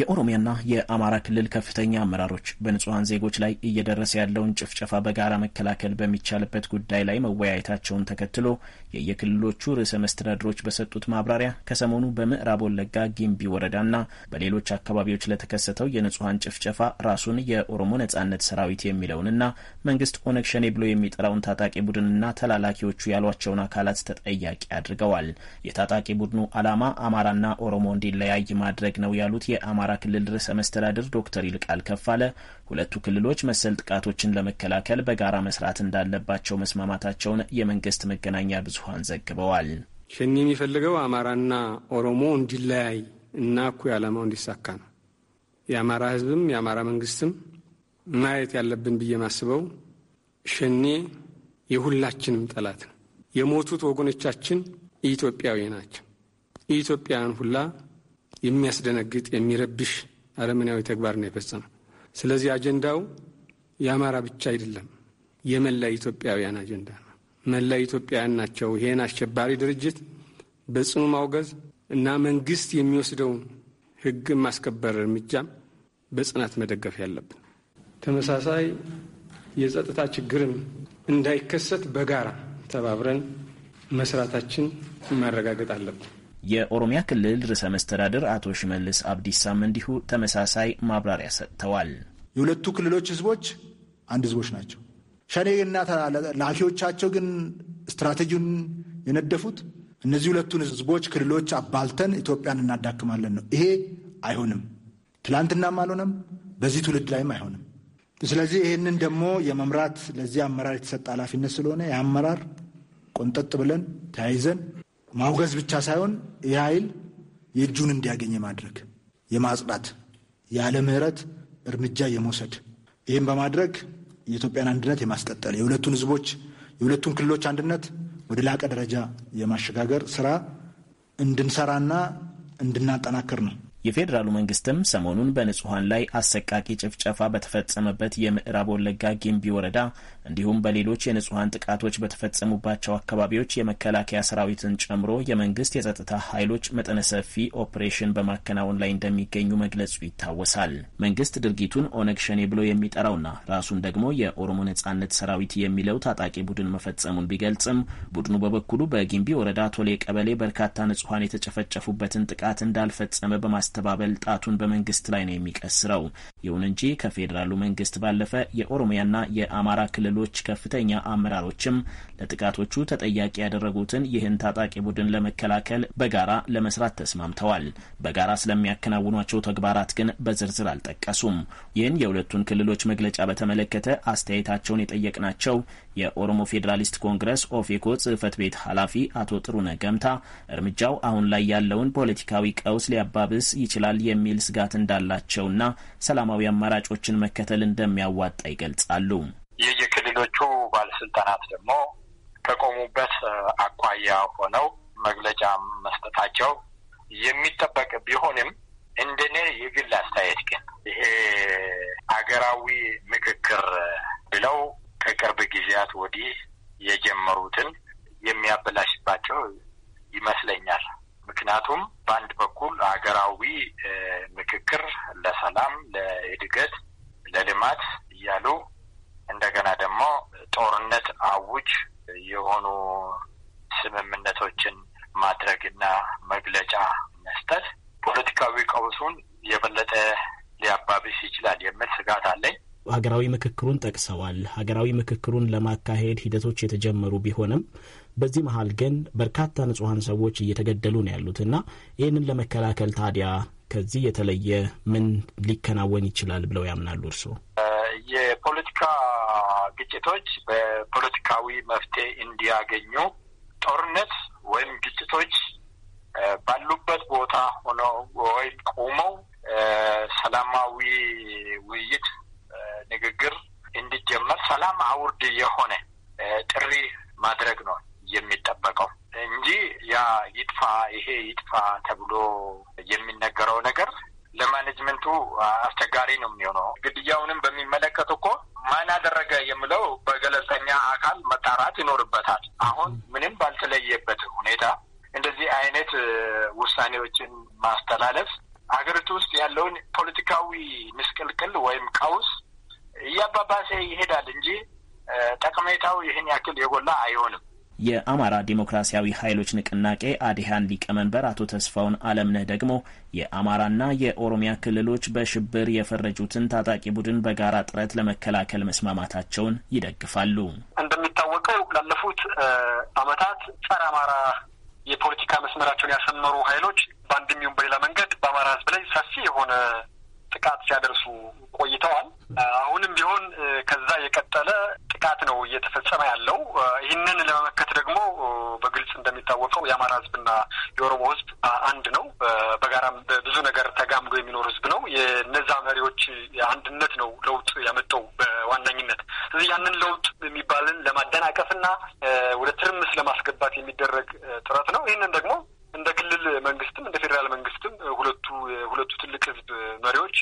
የኦሮሚያና የአማራ ክልል ከፍተኛ አመራሮች በንጹሐን ዜጎች ላይ እየደረሰ ያለውን ጭፍጨፋ በጋራ መከላከል በሚቻልበት ጉዳይ ላይ መወያየታቸውን ተከትሎ የየክልሎቹ ርዕሰ መስተዳድሮች በሰጡት ማብራሪያ ከሰሞኑ በምዕራብ ወለጋ ጊምቢ ወረዳና በሌሎች አካባቢዎች ለተከሰተው የንጹሐን ጭፍጨፋ ራሱን የኦሮሞ ነጻነት ሰራዊት የሚለውንና መንግስት ኦነግ ሸኔ ብሎ የሚጠራውን ታጣቂ ቡድንና ተላላኪዎቹ ያሏቸውን አካላት ተጠያቂ አድርገዋል። የታጣቂ ቡድኑ ዓላማ አማራና ኦሮሞ እንዲለያይ ማድረግ ነው ያሉት የአማ የአማራ ክልል ርዕሰ መስተዳድር ዶክተር ይልቃል ከፋለ ሁለቱ ክልሎች መሰል ጥቃቶችን ለመከላከል በጋራ መስራት እንዳለባቸው መስማማታቸውን የመንግስት መገናኛ ብዙሀን ዘግበዋል። ሸኔ የሚፈልገው አማራና ኦሮሞ እንዲለያይ እና እኩይ ዓላማው እንዲሳካ ነው። የአማራ ህዝብም የአማራ መንግስትም ማየት ያለብን ብዬ ማስበው ሸኔ የሁላችንም ጠላት ነው። የሞቱት ወገኖቻችን ኢትዮጵያዊ ናቸው። ኢትዮጵያውያን ሁላ የሚያስደነግጥ የሚረብሽ አረመናዊ ተግባር ነው የፈጸመው። ስለዚህ አጀንዳው የአማራ ብቻ አይደለም፣ የመላ ኢትዮጵያውያን አጀንዳ ነው። መላ ኢትዮጵያውያን ናቸው ይህን አሸባሪ ድርጅት በጽኑ ማውገዝ እና መንግስት የሚወስደውን ህግ ማስከበር እርምጃም በጽናት መደገፍ ያለብን። ተመሳሳይ የጸጥታ ችግርም እንዳይከሰት በጋራ ተባብረን መስራታችን ማረጋገጥ አለብን። የኦሮሚያ ክልል ርዕሰ መስተዳድር አቶ ሽመልስ አብዲሳም እንዲሁ ተመሳሳይ ማብራሪያ ሰጥተዋል። የሁለቱ ክልሎች ህዝቦች አንድ ህዝቦች ናቸው። ሸኔና ላፊዎቻቸው ግን ስትራቴጂውን የነደፉት እነዚህ ሁለቱን ህዝቦች ክልሎች አባልተን ኢትዮጵያን እናዳክማለን ነው። ይሄ አይሆንም። ትላንትናም አልሆነም፣ በዚህ ትውልድ ላይም አይሆንም። ስለዚህ ይህንን ደግሞ የመምራት ለዚህ አመራር የተሰጠ ኃላፊነት ስለሆነ የአመራር ቆንጠጥ ብለን ተያይዘን ማውገዝ ብቻ ሳይሆን ይህ ኃይል የእጁን እንዲያገኝ የማድረግ የማጽዳት ያለ ምሕረት እርምጃ የመውሰድ ይህም በማድረግ የኢትዮጵያን አንድነት የማስቀጠል የሁለቱን ህዝቦች የሁለቱን ክልሎች አንድነት ወደ ላቀ ደረጃ የማሸጋገር ስራ እንድንሰራና እንድናጠናክር ነው። የፌዴራሉ መንግስትም ሰሞኑን በንጹሐን ላይ አሰቃቂ ጭፍጨፋ በተፈጸመበት የምዕራብ ወለጋ ጊምቢ ወረዳ እንዲሁም በሌሎች የንጹሐን ጥቃቶች በተፈጸሙባቸው አካባቢዎች የመከላከያ ሰራዊትን ጨምሮ የመንግስት የጸጥታ ኃይሎች መጠነ ሰፊ ኦፕሬሽን በማከናወን ላይ እንደሚገኙ መግለጹ ይታወሳል። መንግስት ድርጊቱን ኦነግ ሸኔ ብሎ የሚጠራውና ራሱን ደግሞ የኦሮሞ ነጻነት ሰራዊት የሚለው ታጣቂ ቡድን መፈጸሙን ቢገልጽም ቡድኑ በበኩሉ በጊምቢ ወረዳ ቶሌ ቀበሌ በርካታ ንጹሐን የተጨፈጨፉበትን ጥቃት እንዳልፈጸመ በማስተባበል ጣቱን በመንግስት ላይ ነው የሚቀስረው። ይሁን እንጂ ከፌዴራሉ መንግስት ባለፈ የኦሮሚያና የአማራ ክልል ክልሎች ከፍተኛ አመራሮችም ለጥቃቶቹ ተጠያቂ ያደረጉትን ይህን ታጣቂ ቡድን ለመከላከል በጋራ ለመስራት ተስማምተዋል። በጋራ ስለሚያከናውኗቸው ተግባራት ግን በዝርዝር አልጠቀሱም። ይህን የሁለቱን ክልሎች መግለጫ በተመለከተ አስተያየታቸውን የጠየቅናቸው የኦሮሞ ፌዴራሊስት ኮንግረስ ኦፌኮ ጽህፈት ቤት ኃላፊ አቶ ጥሩነ ገምታ እርምጃው አሁን ላይ ያለውን ፖለቲካዊ ቀውስ ሊያባብስ ይችላል የሚል ስጋት እንዳላቸውና ሰላማዊ አማራጮችን መከተል እንደሚያዋጣ ይገልጻሉ። የየክልሎቹ ባለስልጣናት ደግሞ ከቆሙበት አኳያ ሆነው መግለጫ መስጠታቸው የሚጠበቅ ቢሆንም እንደኔ የግል አስተያየት ግን ይሄ አገራዊ ምክክር ብለው ከቅርብ ጊዜያት ወዲህ የጀመሩትን የሚያበላሽባቸው ይመስለኛል። ምክንያቱም በአንድ በኩል አገራዊ ምክክር ለሰላም፣ ለእድገት፣ ለልማት እያሉ እንደገና ደግሞ ጦርነት አውጅ የሆኑ ስምምነቶችን ማድረግና መግለጫ መስጠት ፖለቲካዊ ቀውሱን የበለጠ ሊያባብስ ይችላል የሚል ስጋት አለኝ። ሀገራዊ ምክክሩን ጠቅሰዋል። ሀገራዊ ምክክሩን ለማካሄድ ሂደቶች የተጀመሩ ቢሆንም በዚህ መሀል ግን በርካታ ንጹሐን ሰዎች እየተገደሉ ነው ያሉት እና ይህንን ለመከላከል ታዲያ ከዚህ የተለየ ምን ሊከናወን ይችላል ብለው ያምናሉ እርስዎ? የፖለቲካ ግጭቶች በፖለቲካዊ መፍትሄ እንዲያገኙ ጦርነት ወይም ግጭቶች ባሉበት ቦታ ሆነው ወይም ቆመው ሰላማዊ ውይይት፣ ንግግር እንዲጀመር ሰላም አውርድ የሆነ ጥሪ ማድረግ ነው የሚጠበቀው እንጂ ያ ይጥፋ ይሄ ይጥፋ ተብሎ የሚነገረው ነገር ለማኔጅመንቱ አስቸጋሪ ነው የሚሆነው። ግድያውንም በሚመለከት እኮ ማን አደረገ የምለው በገለልተኛ አካል መጣራት ይኖርበታል። አሁን ምንም ባልተለየበት ሁኔታ እንደዚህ አይነት ውሳኔዎችን ማስተላለፍ ሀገሪቱ ውስጥ ያለውን ፖለቲካዊ ምስቅልቅል ወይም ቀውስ እያባባሰ ይሄዳል እንጂ ጠቀሜታው ይህን ያክል የጎላ አይሆንም። የአማራ ዲሞክራሲያዊ ኃይሎች ንቅናቄ አዲሃን ሊቀመንበር አቶ ተስፋውን አለምነህ ደግሞ የአማራና የኦሮሚያ ክልሎች በሽብር የፈረጁትን ታጣቂ ቡድን በጋራ ጥረት ለመከላከል መስማማታቸውን ይደግፋሉ። እንደሚታወቀው ላለፉት ዓመታት ጸረ አማራ የፖለቲካ መስመራቸውን ያሰመሩ ኃይሎች በአንድም ይሁን በሌላ መንገድ በአማራ ሕዝብ ላይ ሰፊ የሆነ ጥቃት ሲያደርሱ ቆይተዋል። አሁንም ቢሆን ከዛ የቀጠለ ጥቃት ነው እየተፈጸመ ያለው። ይህንን ለመመከት ደግሞ በግልጽ እንደሚታወቀው የአማራ ሕዝብና የኦሮሞ ሕዝብ አንድ ነው። በጋራም በብዙ ነገር ተጋምዶ የሚኖር ሕዝብ ነው። የነዛ መሪዎች አንድነት ነው ለውጥ ያመጣው በዋነኝነት ስለዚህ ያንን ለውጥ የሚባልን ለማደናቀፍና ወደ ትርምስ ለማስገባት የሚደረግ ጥረት ነው። ይህንን ደግሞ እንደ ክልል መንግስትም እንደ ፌዴራል መንግስትም ሁለቱ የሁለቱ ትልቅ ህዝብ መሪዎች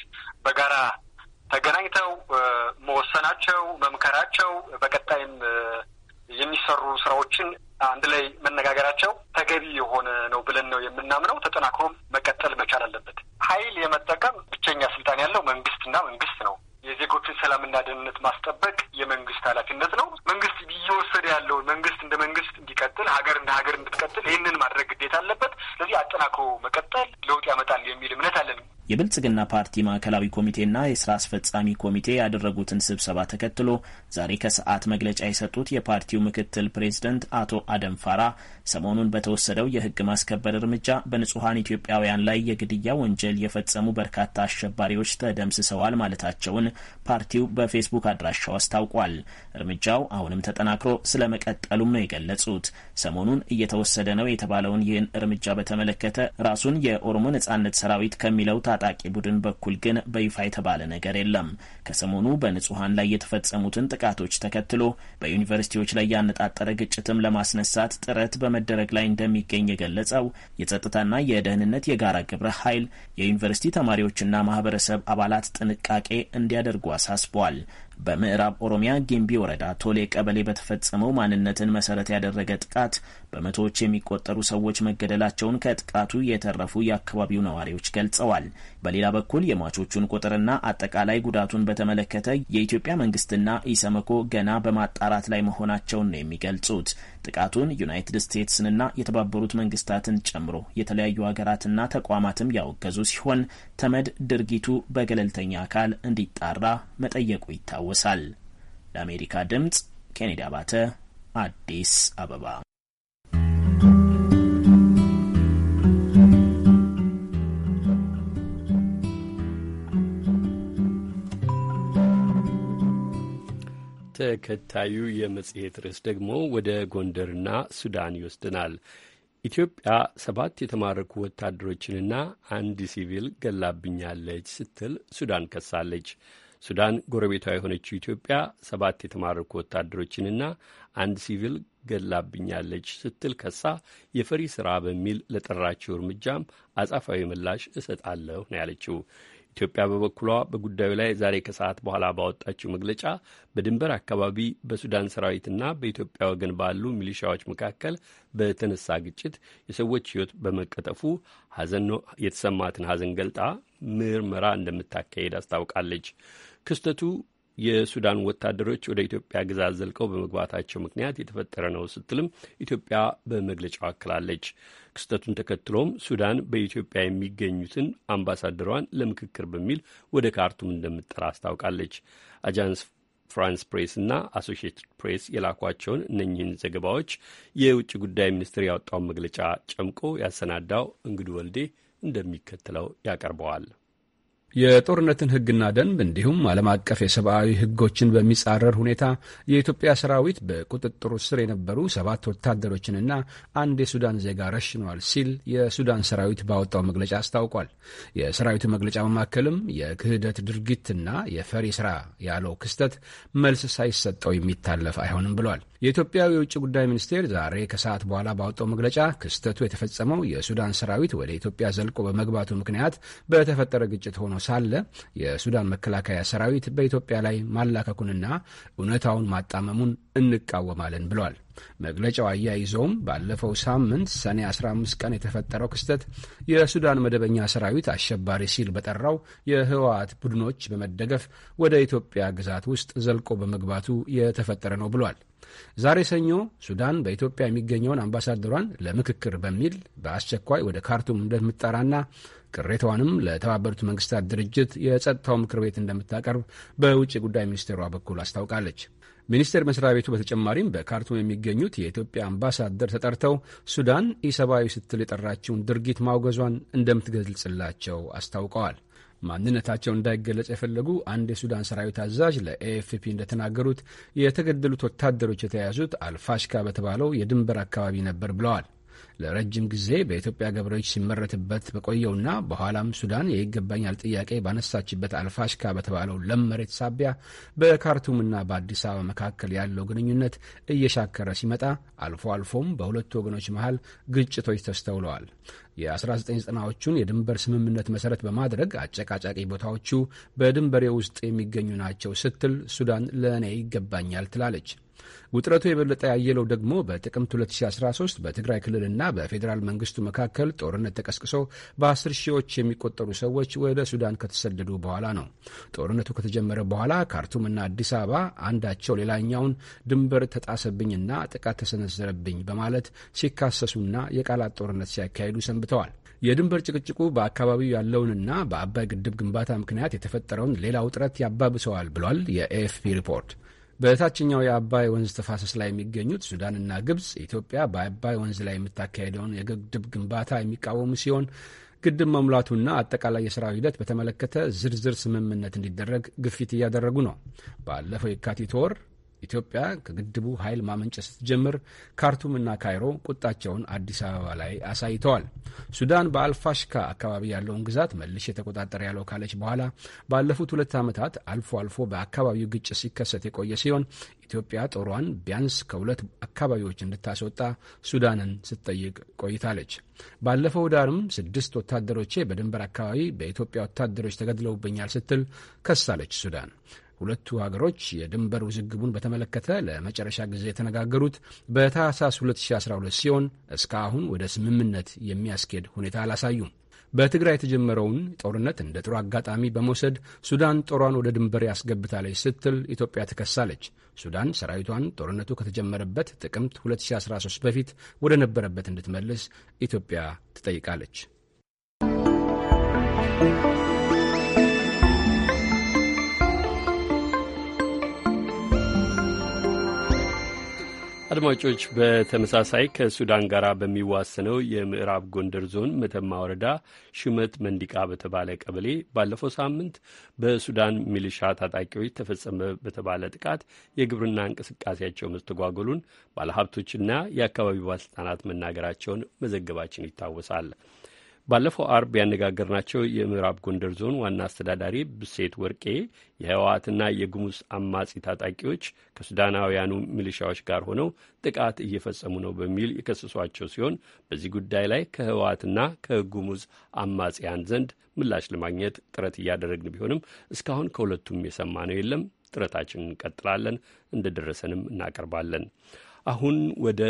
በጋራ ተገናኝተው መወሰናቸው፣ መምከራቸው በቀጣይም የሚሰሩ ስራዎችን አንድ ላይ መነጋገራቸው ተገቢ የሆነ ነው ብለን ነው የምናምነው። ተጠናክሮም መቀጠል የብልጽግና ፓርቲ ማዕከላዊ ኮሚቴና የስራ አስፈጻሚ ኮሚቴ ያደረጉትን ስብሰባ ተከትሎ ዛሬ ከሰዓት መግለጫ የሰጡት የፓርቲው ምክትል ፕሬዝደንት አቶ አደም ፋራ ሰሞኑን በተወሰደው የህግ ማስከበር እርምጃ በንጹሐን ኢትዮጵያውያን ላይ የግድያ ወንጀል የፈጸሙ በርካታ አሸባሪዎች ተደምስሰዋል ማለታቸውን ፓርቲው በፌስቡክ አድራሻው አስታውቋል። እርምጃው አሁንም ተጠናክሮ ስለመቀጠሉም ነው የገለጹት። ሰሞኑን እየተወሰደ ነው የተባለውን ይህን እርምጃ በተመለከተ ራሱን የኦሮሞ ነጻነት ሰራዊት ከሚለው ታጣ ታጣቂ ቡድን በኩል ግን በይፋ የተባለ ነገር የለም። ከሰሞኑ በንጹሐን ላይ የተፈጸሙትን ጥቃቶች ተከትሎ በዩኒቨርሲቲዎች ላይ ያነጣጠረ ግጭትም ለማስነሳት ጥረት በመደረግ ላይ እንደሚገኝ የገለጸው የጸጥታና የደህንነት የጋራ ግብረ ኃይል የዩኒቨርሲቲ ተማሪዎችና ማህበረሰብ አባላት ጥንቃቄ እንዲያደርጉ አሳስቧል። በምዕራብ ኦሮሚያ ጊምቢ ወረዳ ቶሌ ቀበሌ በተፈጸመው ማንነትን መሰረት ያደረገ ጥቃት በመቶዎች የሚቆጠሩ ሰዎች መገደላቸውን ከጥቃቱ የተረፉ የአካባቢው ነዋሪዎች ገልጸዋል። በሌላ በኩል የሟቾቹን ቁጥርና አጠቃላይ ጉዳቱን በተመለከተ የኢትዮጵያ መንግስትና ኢሰመኮ ገና በማጣራት ላይ መሆናቸውን ነው የሚገልጹት። ጥቃቱን ዩናይትድ ስቴትስንና የተባበሩት መንግስታትን ጨምሮ የተለያዩ ሀገራትና ተቋማትም ያወገዙ ሲሆን ተመድ ድርጊቱ በገለልተኛ አካል እንዲጣራ መጠየቁ ይታወሳል። ለአሜሪካ ድምጽ ኬኔዲ አባተ አዲስ አበባ ተከታዩ የመጽሔት ርዕስ ደግሞ ወደ ጎንደርና ሱዳን ይወስድናል። ኢትዮጵያ ሰባት የተማረኩ ወታደሮችንና አንድ ሲቪል ገላብኛለች ስትል ሱዳን ከሳለች። ሱዳን ጎረቤቷ የሆነችው ኢትዮጵያ ሰባት የተማረኩ ወታደሮችንና አንድ ሲቪል ገላብኛለች ስትል ከሳ የፈሪ ስራ በሚል ለጠራችው እርምጃም አጻፋዊ ምላሽ እሰጣለሁ ነው ያለችው። ኢትዮጵያ በበኩሏ በጉዳዩ ላይ ዛሬ ከሰዓት በኋላ ባወጣችው መግለጫ በድንበር አካባቢ በሱዳን ሰራዊትና በኢትዮጵያ ወገን ባሉ ሚሊሻዎች መካከል በተነሳ ግጭት የሰዎች ሕይወት በመቀጠፉ የተሰማትን ሐዘን ገልጣ ምርመራ እንደምታካሄድ አስታውቃለች። ክስተቱ የሱዳን ወታደሮች ወደ ኢትዮጵያ ግዛት ዘልቀው በመግባታቸው ምክንያት የተፈጠረ ነው ስትልም ኢትዮጵያ በመግለጫው አክላለች። ክስተቱን ተከትሎም ሱዳን በኢትዮጵያ የሚገኙትን አምባሳደሯን ለምክክር በሚል ወደ ካርቱም እንደምጠራ አስታውቃለች። አጃንስ ፍራንስ ፕሬስ እና አሶሽትድ ፕሬስ የላኳቸውን እነኚህን ዘገባዎች የውጭ ጉዳይ ሚኒስቴር ያወጣውን መግለጫ ጨምቆ ያሰናዳው እንግዱ ወልዴ እንደሚከተለው ያቀርበዋል። የጦርነትን ሕግና ደንብ እንዲሁም ዓለም አቀፍ የሰብአዊ ሕጎችን በሚጻረር ሁኔታ የኢትዮጵያ ሰራዊት በቁጥጥሩ ስር የነበሩ ሰባት ወታደሮችንና አንድ የሱዳን ዜጋ ረሽኗል ሲል የሱዳን ሰራዊት ባወጣው መግለጫ አስታውቋል። የሰራዊቱ መግለጫ መማከልም የክህደት ድርጊትና የፈሪ ስራ ያለው ክስተት መልስ ሳይሰጠው የሚታለፍ አይሆንም ብሏል። የኢትዮጵያው የውጭ ጉዳይ ሚኒስቴር ዛሬ ከሰዓት በኋላ ባወጣው መግለጫ ክስተቱ የተፈጸመው የሱዳን ሰራዊት ወደ ኢትዮጵያ ዘልቆ በመግባቱ ምክንያት በተፈጠረ ግጭት ሆኖ ሳለ የሱዳን መከላከያ ሰራዊት በኢትዮጵያ ላይ ማላከኩንና እውነታውን ማጣመሙን እንቃወማለን ብሏል። መግለጫው አያይዞም ባለፈው ሳምንት ሰኔ 15 ቀን የተፈጠረው ክስተት የሱዳን መደበኛ ሰራዊት አሸባሪ ሲል በጠራው የህወሓት ቡድኖች በመደገፍ ወደ ኢትዮጵያ ግዛት ውስጥ ዘልቆ በመግባቱ የተፈጠረ ነው ብሏል። ዛሬ ሰኞ ሱዳን በኢትዮጵያ የሚገኘውን አምባሳደሯን ለምክክር በሚል በአስቸኳይ ወደ ካርቱም እንደምትጠራና ቅሬታዋንም ለተባበሩት መንግስታት ድርጅት የጸጥታው ምክር ቤት እንደምታቀርብ በውጭ ጉዳይ ሚኒስቴሯ በኩል አስታውቃለች። ሚኒስቴር መስሪያ ቤቱ በተጨማሪም በካርቱም የሚገኙት የኢትዮጵያ አምባሳደር ተጠርተው ሱዳን ኢሰብአዊ ስትል የጠራችውን ድርጊት ማውገዟን እንደምትገልጽላቸው አስታውቀዋል። ማንነታቸው እንዳይገለጽ የፈለጉ አንድ የሱዳን ሰራዊት አዛዥ ለኤኤፍፒ እንደተናገሩት የተገደሉት ወታደሮች የተያዙት አልፋሽካ በተባለው የድንበር አካባቢ ነበር ብለዋል። ለረጅም ጊዜ በኢትዮጵያ ገበሬዎች ሲመረትበት በቆየውና በኋላም ሱዳን የይገባኛል ጥያቄ ባነሳችበት አልፋሽካ በተባለው ለም መሬት ሳቢያ በካርቱምና በአዲስ አበባ መካከል ያለው ግንኙነት እየሻከረ ሲመጣ አልፎ አልፎም በሁለቱ ወገኖች መሃል ግጭቶች ተስተውለዋል። የ1990ዎቹን የድንበር ስምምነት መሰረት በማድረግ አጨቃጫቂ ቦታዎቹ በድንበሬ ውስጥ የሚገኙ ናቸው ስትል ሱዳን ለእኔ ይገባኛል ትላለች። ውጥረቱ የበለጠ ያየለው ደግሞ በጥቅምት 2013 በትግራይ ክልልና በፌዴራል መንግስቱ መካከል ጦርነት ተቀስቅሶ በአስር ሺዎች የሚቆጠሩ ሰዎች ወደ ሱዳን ከተሰደዱ በኋላ ነው። ጦርነቱ ከተጀመረ በኋላ ካርቱምና አዲስ አበባ አንዳቸው ሌላኛውን ድንበር ተጣሰብኝና ጥቃት ተሰነዘረብኝ በማለት ሲካሰሱና የቃላት ጦርነት ሲያካሂዱ ሰንብተዋል። የድንበር ጭቅጭቁ በአካባቢው ያለውንና በአባይ ግድብ ግንባታ ምክንያት የተፈጠረውን ሌላ ውጥረት ያባብሰዋል ብሏል የኤኤፍፒ ሪፖርት። በታችኛው የአባይ ወንዝ ተፋሰስ ላይ የሚገኙት ሱዳንና ግብፅ ኢትዮጵያ በአባይ ወንዝ ላይ የምታካሄደውን የግድብ ግንባታ የሚቃወሙ ሲሆን ግድብ መሙላቱና አጠቃላይ የሥራ ሂደት በተመለከተ ዝርዝር ስምምነት እንዲደረግ ግፊት እያደረጉ ነው። ባለፈው የካቲት ወር ኢትዮጵያ ከግድቡ ኃይል ማመንጨት ስትጀምር እና ካይሮ ቁጣቸውን አዲስ አበባ ላይ አሳይተዋል። ሱዳን በአልፋሽካ አካባቢ ያለውን ግዛት መልሽ የተቆጣጠረ ያለው ካለች በኋላ ባለፉት ሁለት ዓመታት አልፎ አልፎ በአካባቢው ግጭት ሲከሰት የቆየ ሲሆን ኢትዮጵያ ጦሯን ቢያንስ ከሁለት አካባቢዎች እንድታስወጣ ሱዳንን ስትጠይቅ ቆይታለች። ባለፈው ዳርም ስድስት ወታደሮቼ በድንበር አካባቢ በኢትዮጵያ ወታደሮች ተገድለውብኛል ስትል ከሳለች ሱዳን ሁለቱ ሀገሮች የድንበር ውዝግቡን በተመለከተ ለመጨረሻ ጊዜ የተነጋገሩት በታህሳስ 2012 ሲሆን እስካሁን ወደ ስምምነት የሚያስኬድ ሁኔታ አላሳዩም። በትግራይ የተጀመረውን ጦርነት እንደ ጥሩ አጋጣሚ በመውሰድ ሱዳን ጦሯን ወደ ድንበር ያስገብታለች ስትል ኢትዮጵያ ትከሳለች። ሱዳን ሰራዊቷን ጦርነቱ ከተጀመረበት ጥቅምት 2013 በፊት ወደ ነበረበት እንድትመልስ ኢትዮጵያ ትጠይቃለች። አድማጮች በተመሳሳይ ከሱዳን ጋር በሚዋሰነው የምዕራብ ጎንደር ዞን መተማ ወረዳ ሽመት መንዲቃ በተባለ ቀበሌ ባለፈው ሳምንት በሱዳን ሚሊሻ ታጣቂዎች ተፈጸመ በተባለ ጥቃት የግብርና እንቅስቃሴያቸው መስተጓጎሉን ባለሀብቶችና የአካባቢው ባለስልጣናት መናገራቸውን መዘገባችን ይታወሳል። ባለፈው አርብ ያነጋገርናቸው የምዕራብ ጎንደር ዞን ዋና አስተዳዳሪ ብሴት ወርቄ የህወሓትና የጉሙዝ አማጺ ታጣቂዎች ከሱዳናውያኑ ሚሊሻዎች ጋር ሆነው ጥቃት እየፈጸሙ ነው በሚል የከሰሷቸው ሲሆን በዚህ ጉዳይ ላይ ከህወሓትና ከጉሙዝ አማጺያን ዘንድ ምላሽ ለማግኘት ጥረት እያደረግን ቢሆንም እስካሁን ከሁለቱም የሰማ ነው የለም። ጥረታችንን እንቀጥላለን፣ እንደደረሰንም እናቀርባለን። አሁን ወደ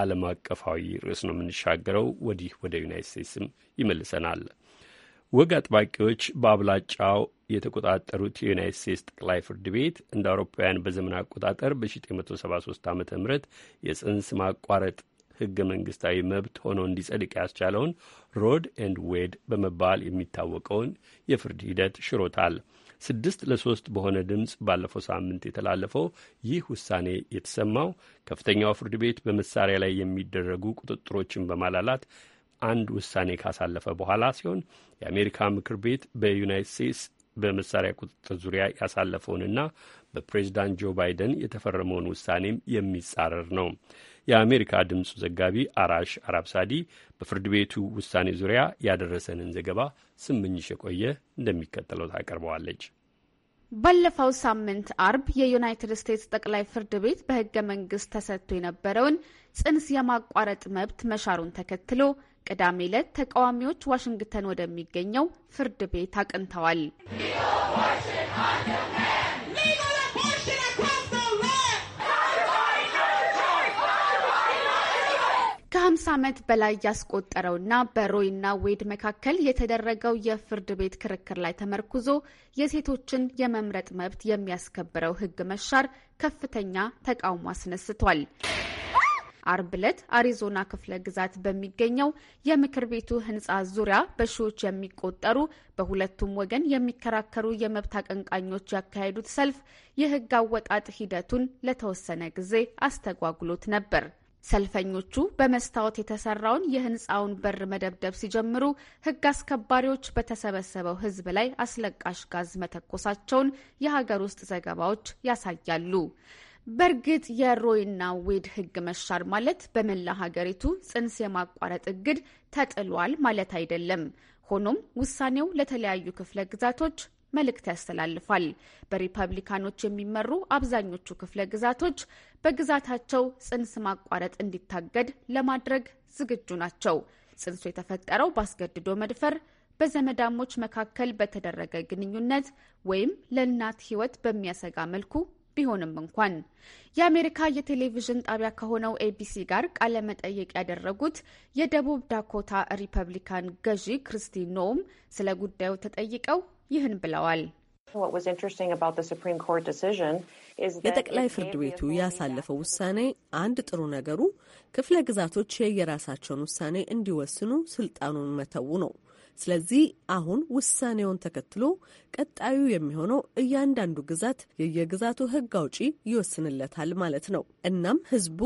ዓለም አቀፋዊ ርዕስ ነው የምንሻገረው። ወዲህ ወደ ዩናይት ስቴትስም ይመልሰናል። ወግ አጥባቂዎች በአብላጫው የተቆጣጠሩት የዩናይት ስቴትስ ጠቅላይ ፍርድ ቤት እንደ አውሮፓውያን በዘመን አቆጣጠር በ1973 ዓ ም የጽንስ ማቋረጥ ህገ መንግስታዊ መብት ሆኖ እንዲጸድቅ ያስቻለውን ሮድ ኤንድ ዌድ በመባል የሚታወቀውን የፍርድ ሂደት ሽሮታል። ስድስት ለሶስት በሆነ ድምፅ ባለፈው ሳምንት የተላለፈው ይህ ውሳኔ የተሰማው ከፍተኛው ፍርድ ቤት በመሳሪያ ላይ የሚደረጉ ቁጥጥሮችን በማላላት አንድ ውሳኔ ካሳለፈ በኋላ ሲሆን የአሜሪካ ምክር ቤት በዩናይት ስቴትስ በመሳሪያ ቁጥጥር ዙሪያ ያሳለፈውንና በፕሬዚዳንት ጆ ባይደን የተፈረመውን ውሳኔም የሚጻረር ነው። የአሜሪካ ድምፅ ዘጋቢ አራሽ አራብሳዲ በፍርድ ቤቱ ውሳኔ ዙሪያ ያደረሰንን ዘገባ ስምኝሽ የቆየ እንደሚከተለው ታቀርበዋለች። ባለፈው ሳምንት አርብ የዩናይትድ ስቴትስ ጠቅላይ ፍርድ ቤት በህገ መንግስት ተሰጥቶ የነበረውን ጽንስ የማቋረጥ መብት መሻሩን ተከትሎ ቅዳሜ ዕለት ተቃዋሚዎች ዋሽንግተን ወደሚገኘው ፍርድ ቤት አቅንተዋል። ከ ዓመት በላይ ያስቆጠረውና በሮይና ዌድ መካከል የተደረገው የፍርድ ቤት ክርክር ላይ ተመርኩዞ የሴቶችን የመምረጥ መብት የሚያስከብረው ሕግ መሻር ከፍተኛ ተቃውሞ አስነስቷል። አርብ ዕለት አሪዞና ክፍለ ግዛት በሚገኘው የምክር ቤቱ ህንፃ ዙሪያ በሺዎች የሚቆጠሩ በሁለቱም ወገን የሚከራከሩ የመብት አቀንቃኞች ያካሄዱት ሰልፍ የህግ አወጣጥ ሂደቱን ለተወሰነ ጊዜ አስተጓጉሎት ነበር። ሰልፈኞቹ በመስታወት የተሰራውን የህንፃውን በር መደብደብ ሲጀምሩ ህግ አስከባሪዎች በተሰበሰበው ህዝብ ላይ አስለቃሽ ጋዝ መተኮሳቸውን የሀገር ውስጥ ዘገባዎች ያሳያሉ። በእርግጥ የሮይና ዌድ ህግ መሻር ማለት በመላ ሀገሪቱ ጽንስ የማቋረጥ እግድ ተጥሏል ማለት አይደለም። ሆኖም ውሳኔው ለተለያዩ ክፍለ ግዛቶች መልእክት ያስተላልፋል። በሪፐብሊካኖች የሚመሩ አብዛኞቹ ክፍለ ግዛቶች በግዛታቸው ጽንስ ማቋረጥ እንዲታገድ ለማድረግ ዝግጁ ናቸው። ጽንሱ የተፈጠረው በአስገድዶ መድፈር በዘመዳሞች መካከል በተደረገ ግንኙነት ወይም ለእናት ሕይወት በሚያሰጋ መልኩ ቢሆንም እንኳን የአሜሪካ የቴሌቪዥን ጣቢያ ከሆነው ኤቢሲ ጋር ቃለ መጠየቅ ያደረጉት የደቡብ ዳኮታ ሪፐብሊካን ገዢ ክርስቲ ኖም ስለ ጉዳዩ ተጠይቀው ይህን ብለዋል። የጠቅላይ ፍርድ ቤቱ ያሳለፈው ውሳኔ አንድ ጥሩ ነገሩ ክፍለ ግዛቶች የየራሳቸውን ውሳኔ እንዲወስኑ ስልጣኑን መተው ነው። ስለዚህ አሁን ውሳኔውን ተከትሎ ቀጣዩ የሚሆነው እያንዳንዱ ግዛት የየግዛቱ ህግ አውጪ ይወስንለታል ማለት ነው። እናም ህዝቡ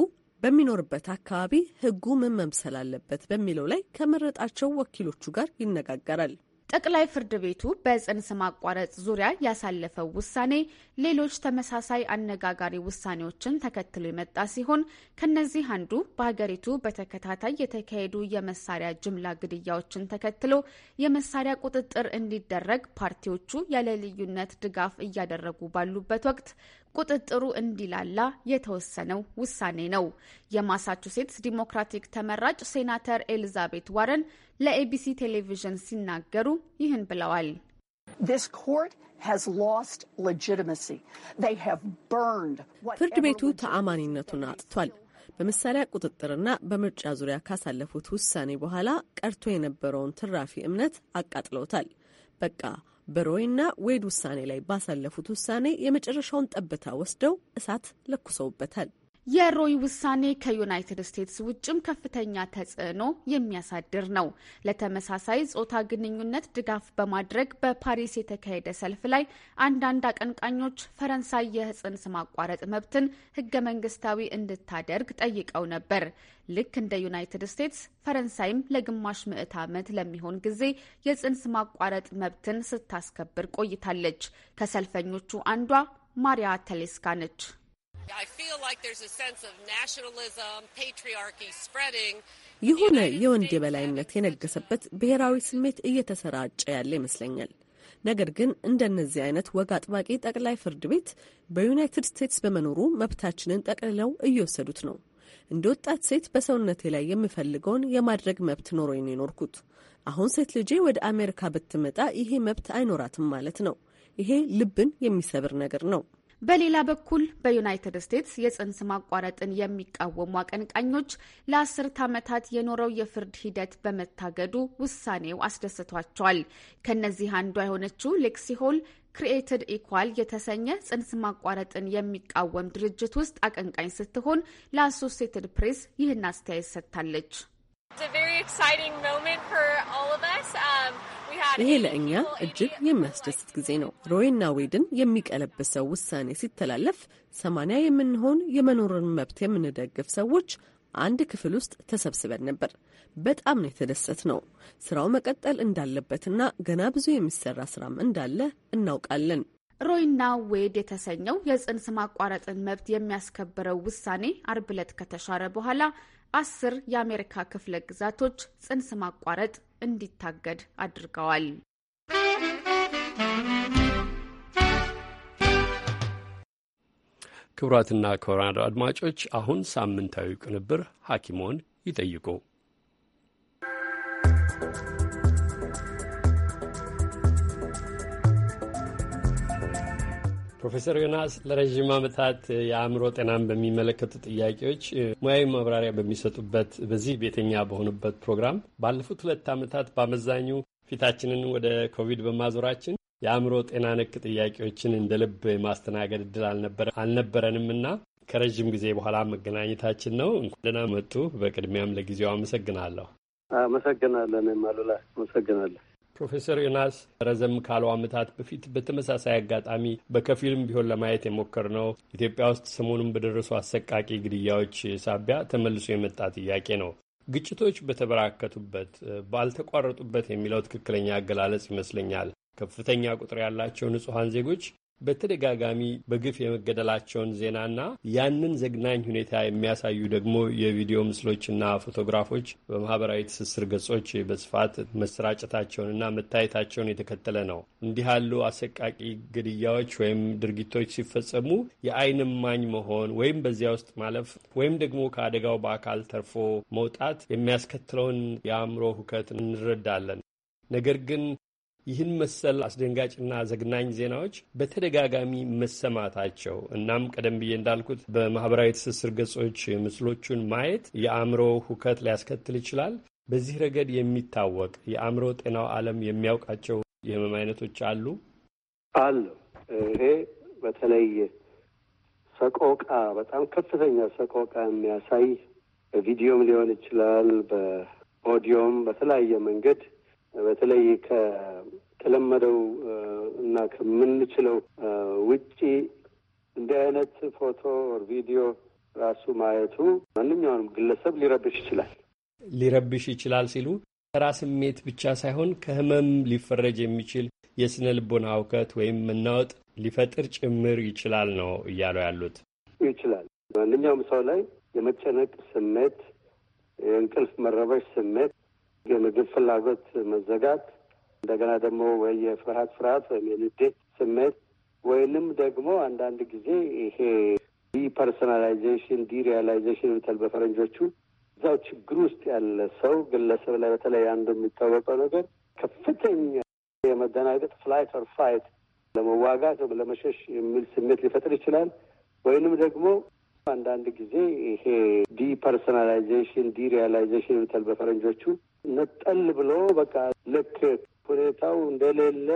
በሚኖርበት አካባቢ ህጉ ምን መምሰል አለበት በሚለው ላይ ከመረጣቸው ወኪሎቹ ጋር ይነጋገራል። ጠቅላይ ፍርድ ቤቱ በጽንስ ማቋረጥ ዙሪያ ያሳለፈው ውሳኔ ሌሎች ተመሳሳይ አነጋጋሪ ውሳኔዎችን ተከትሎ የመጣ ሲሆን ከነዚህ አንዱ በሀገሪቱ በተከታታይ የተካሄዱ የመሳሪያ ጅምላ ግድያዎችን ተከትሎ የመሳሪያ ቁጥጥር እንዲደረግ ፓርቲዎቹ ያለ ልዩነት ድጋፍ እያደረጉ ባሉበት ወቅት ቁጥጥሩ እንዲላላ የተወሰነው ውሳኔ ነው። የማሳቹሴትስ ዲሞክራቲክ ተመራጭ ሴናተር ኤሊዛቤት ዋረን ለኤቢሲ ቴሌቪዥን ሲናገሩ ይህን ብለዋል። ፍርድ ቤቱ ተአማኒነቱን አጥቷል። በመሳሪያ ቁጥጥርና በምርጫ ዙሪያ ካሳለፉት ውሳኔ በኋላ ቀርቶ የነበረውን ትራፊ እምነት አቃጥለውታል። በቃ በሮይና ዌድ ውሳኔ ላይ ባሳለፉት ውሳኔ የመጨረሻውን ጠብታ ወስደው እሳት ለኩሰውበታል። የሮይ ውሳኔ ከዩናይትድ ስቴትስ ውጭም ከፍተኛ ተጽዕኖ የሚያሳድር ነው። ለተመሳሳይ ጾታ ግንኙነት ድጋፍ በማድረግ በፓሪስ የተካሄደ ሰልፍ ላይ አንዳንድ አቀንቃኞች ፈረንሳይ የጽንስ ማቋረጥ መብትን ህገ መንግስታዊ እንድታደርግ ጠይቀው ነበር። ልክ እንደ ዩናይትድ ስቴትስ ፈረንሳይም ለግማሽ ምዕት ዓመት ለሚሆን ጊዜ የጽንስ ማቋረጥ መብትን ስታስከብር ቆይታለች። ከሰልፈኞቹ አንዷ ማሪያ ተሌስካ ነች። የሆነ የወንድ የበላይነት የነገሰበት ብሔራዊ ስሜት እየተሰራጨ ያለ ይመስለኛል። ነገር ግን እንደነዚህ አይነት ወግ አጥባቂ ጠቅላይ ፍርድ ቤት በዩናይትድ ስቴትስ በመኖሩ መብታችንን ጠቅልለው እየወሰዱት ነው። እንደ ወጣት ሴት በሰውነቴ ላይ የምፈልገውን የማድረግ መብት ኖሮኝ የኖርኩት፣ አሁን ሴት ልጄ ወደ አሜሪካ ብትመጣ ይሄ መብት አይኖራትም ማለት ነው። ይሄ ልብን የሚሰብር ነገር ነው። በሌላ በኩል በዩናይትድ ስቴትስ የጽንስ ማቋረጥን የሚቃወሙ አቀንቃኞች ለአስርት ዓመታት የኖረው የፍርድ ሂደት በመታገዱ ውሳኔው አስደስቷቸዋል። ከነዚህ አንዷ የሆነችው ሌክሲ ሆል ክሪኤትድ ኢኳል የተሰኘ ጽንስ ማቋረጥን የሚቃወም ድርጅት ውስጥ አቀንቃኝ ስትሆን ለአሶሴትድ ፕሬስ ይህን አስተያየት ሰጥታለች። ይሄ ለእኛ um, እጅግ የሚያስደስት ጊዜ ነው። ሮይና ዌድን የሚቀለብሰው ውሳኔ ሲተላለፍ ሰማንያ የምንሆን የመኖርን መብት የምንደግፍ ሰዎች አንድ ክፍል ውስጥ ተሰብስበን ነበር። በጣም ነው የተደሰት ነው። ስራው መቀጠል እንዳለበትና ገና ብዙ የሚሰራ ስራም እንዳለ እናውቃለን። ሮይና ዌድ የተሰኘው የጽንስ ማቋረጥን መብት የሚያስከብረው ውሳኔ አርብ ዕለት ከተሻረ በኋላ አስር የአሜሪካ ክፍለ ግዛቶች ጽንስ ማቋረጥ እንዲታገድ አድርገዋል። ክቡራትና ክቡራን አድማጮች አሁን ሳምንታዊ ቅንብር ሐኪሞን ይጠይቁ ፕሮፌሰር ዮናስ ለረዥም ዓመታት የአእምሮ ጤናን በሚመለከቱ ጥያቄዎች ሙያዊ ማብራሪያ በሚሰጡበት በዚህ ቤተኛ በሆኑበት ፕሮግራም ባለፉት ሁለት ዓመታት በአመዛኙ ፊታችንን ወደ ኮቪድ በማዞራችን የአእምሮ ጤና ነክ ጥያቄዎችን እንደ ልብ የማስተናገድ እድል አልነበረንም እና ከረዥም ጊዜ በኋላ መገናኘታችን ነው። እንኳን ደህና መጡ። በቅድሚያም ለጊዜው አመሰግናለሁ። አመሰግናለን። ማሉላ አመሰግናለን። ፕሮፌሰር ዮናስ ረዘም ካሉ ዓመታት በፊት በተመሳሳይ አጋጣሚ በከፊልም ቢሆን ለማየት የሞከርነው ኢትዮጵያ ውስጥ ሰሞኑን በደረሱ አሰቃቂ ግድያዎች ሳቢያ ተመልሶ የመጣ ጥያቄ ነው። ግጭቶች በተበራከቱበት ባልተቋረጡበት የሚለው ትክክለኛ አገላለጽ ይመስለኛል። ከፍተኛ ቁጥር ያላቸው ንጹሐን ዜጎች በተደጋጋሚ በግፍ የመገደላቸውን ዜናና ያንን ዘግናኝ ሁኔታ የሚያሳዩ ደግሞ የቪዲዮ ምስሎችና ፎቶግራፎች በማህበራዊ ትስስር ገጾች በስፋት መሰራጨታቸውንና መታየታቸውን የተከተለ ነው። እንዲህ ያሉ አሰቃቂ ግድያዎች ወይም ድርጊቶች ሲፈጸሙ የዓይን እማኝ መሆን ወይም በዚያ ውስጥ ማለፍ ወይም ደግሞ ከአደጋው በአካል ተርፎ መውጣት የሚያስከትለውን የአእምሮ ሁከት እንረዳለን። ነገር ግን ይህን መሰል አስደንጋጭና ዘግናኝ ዜናዎች በተደጋጋሚ መሰማታቸው እናም ቀደም ብዬ እንዳልኩት በማህበራዊ ትስስር ገጾች ምስሎቹን ማየት የአእምሮ ሁከት ሊያስከትል ይችላል። በዚህ ረገድ የሚታወቅ የአእምሮ ጤናው ዓለም የሚያውቃቸው የህመም አይነቶች አሉ አለ። ይሄ በተለይ ሰቆቃ፣ በጣም ከፍተኛ ሰቆቃ የሚያሳይ በቪዲዮም ሊሆን ይችላል፣ በኦዲዮም በተለያየ መንገድ በተለይ ከተለመደው እና ከምንችለው ውጪ እንዲህ አይነት ፎቶ ኦር ቪዲዮ ራሱ ማየቱ ማንኛውንም ግለሰብ ሊረብሽ ይችላል ሊረብሽ ይችላል ሲሉ ተራ ስሜት ብቻ ሳይሆን ከህመም ሊፈረጅ የሚችል የስነ ልቦና እውከት ወይም መናወጥ ሊፈጥር ጭምር ይችላል ነው እያሉ ያሉት። ይችላል ማንኛውም ሰው ላይ የመጨነቅ ስሜት፣ የእንቅልፍ መረበሽ ስሜት የምግብ ፍላጎት መዘጋት፣ እንደገና ደግሞ ወይ የፍርሃት ፍርሃት ወይም የንዴት ስሜት ወይንም ደግሞ አንዳንድ ጊዜ ይሄ ዲፐርሶናላይዜሽን ዲሪያላይዜሽን ምትል በፈረንጆቹ እዛው ችግር ውስጥ ያለ ሰው ግለሰብ ላይ በተለይ አንዱ የሚታወቀው ነገር ከፍተኛ የመደናገጥ ፍላይት ኦር ፋይት ለመዋጋት ለመሸሽ የሚል ስሜት ሊፈጥር ይችላል። ወይንም ደግሞ አንዳንድ ጊዜ ይሄ ዲፐርሶናላይዜሽን ዲሪያላይዜሽን ምትል በፈረንጆቹ ነጠል ብሎ በቃ ልክ ሁኔታው እንደሌለ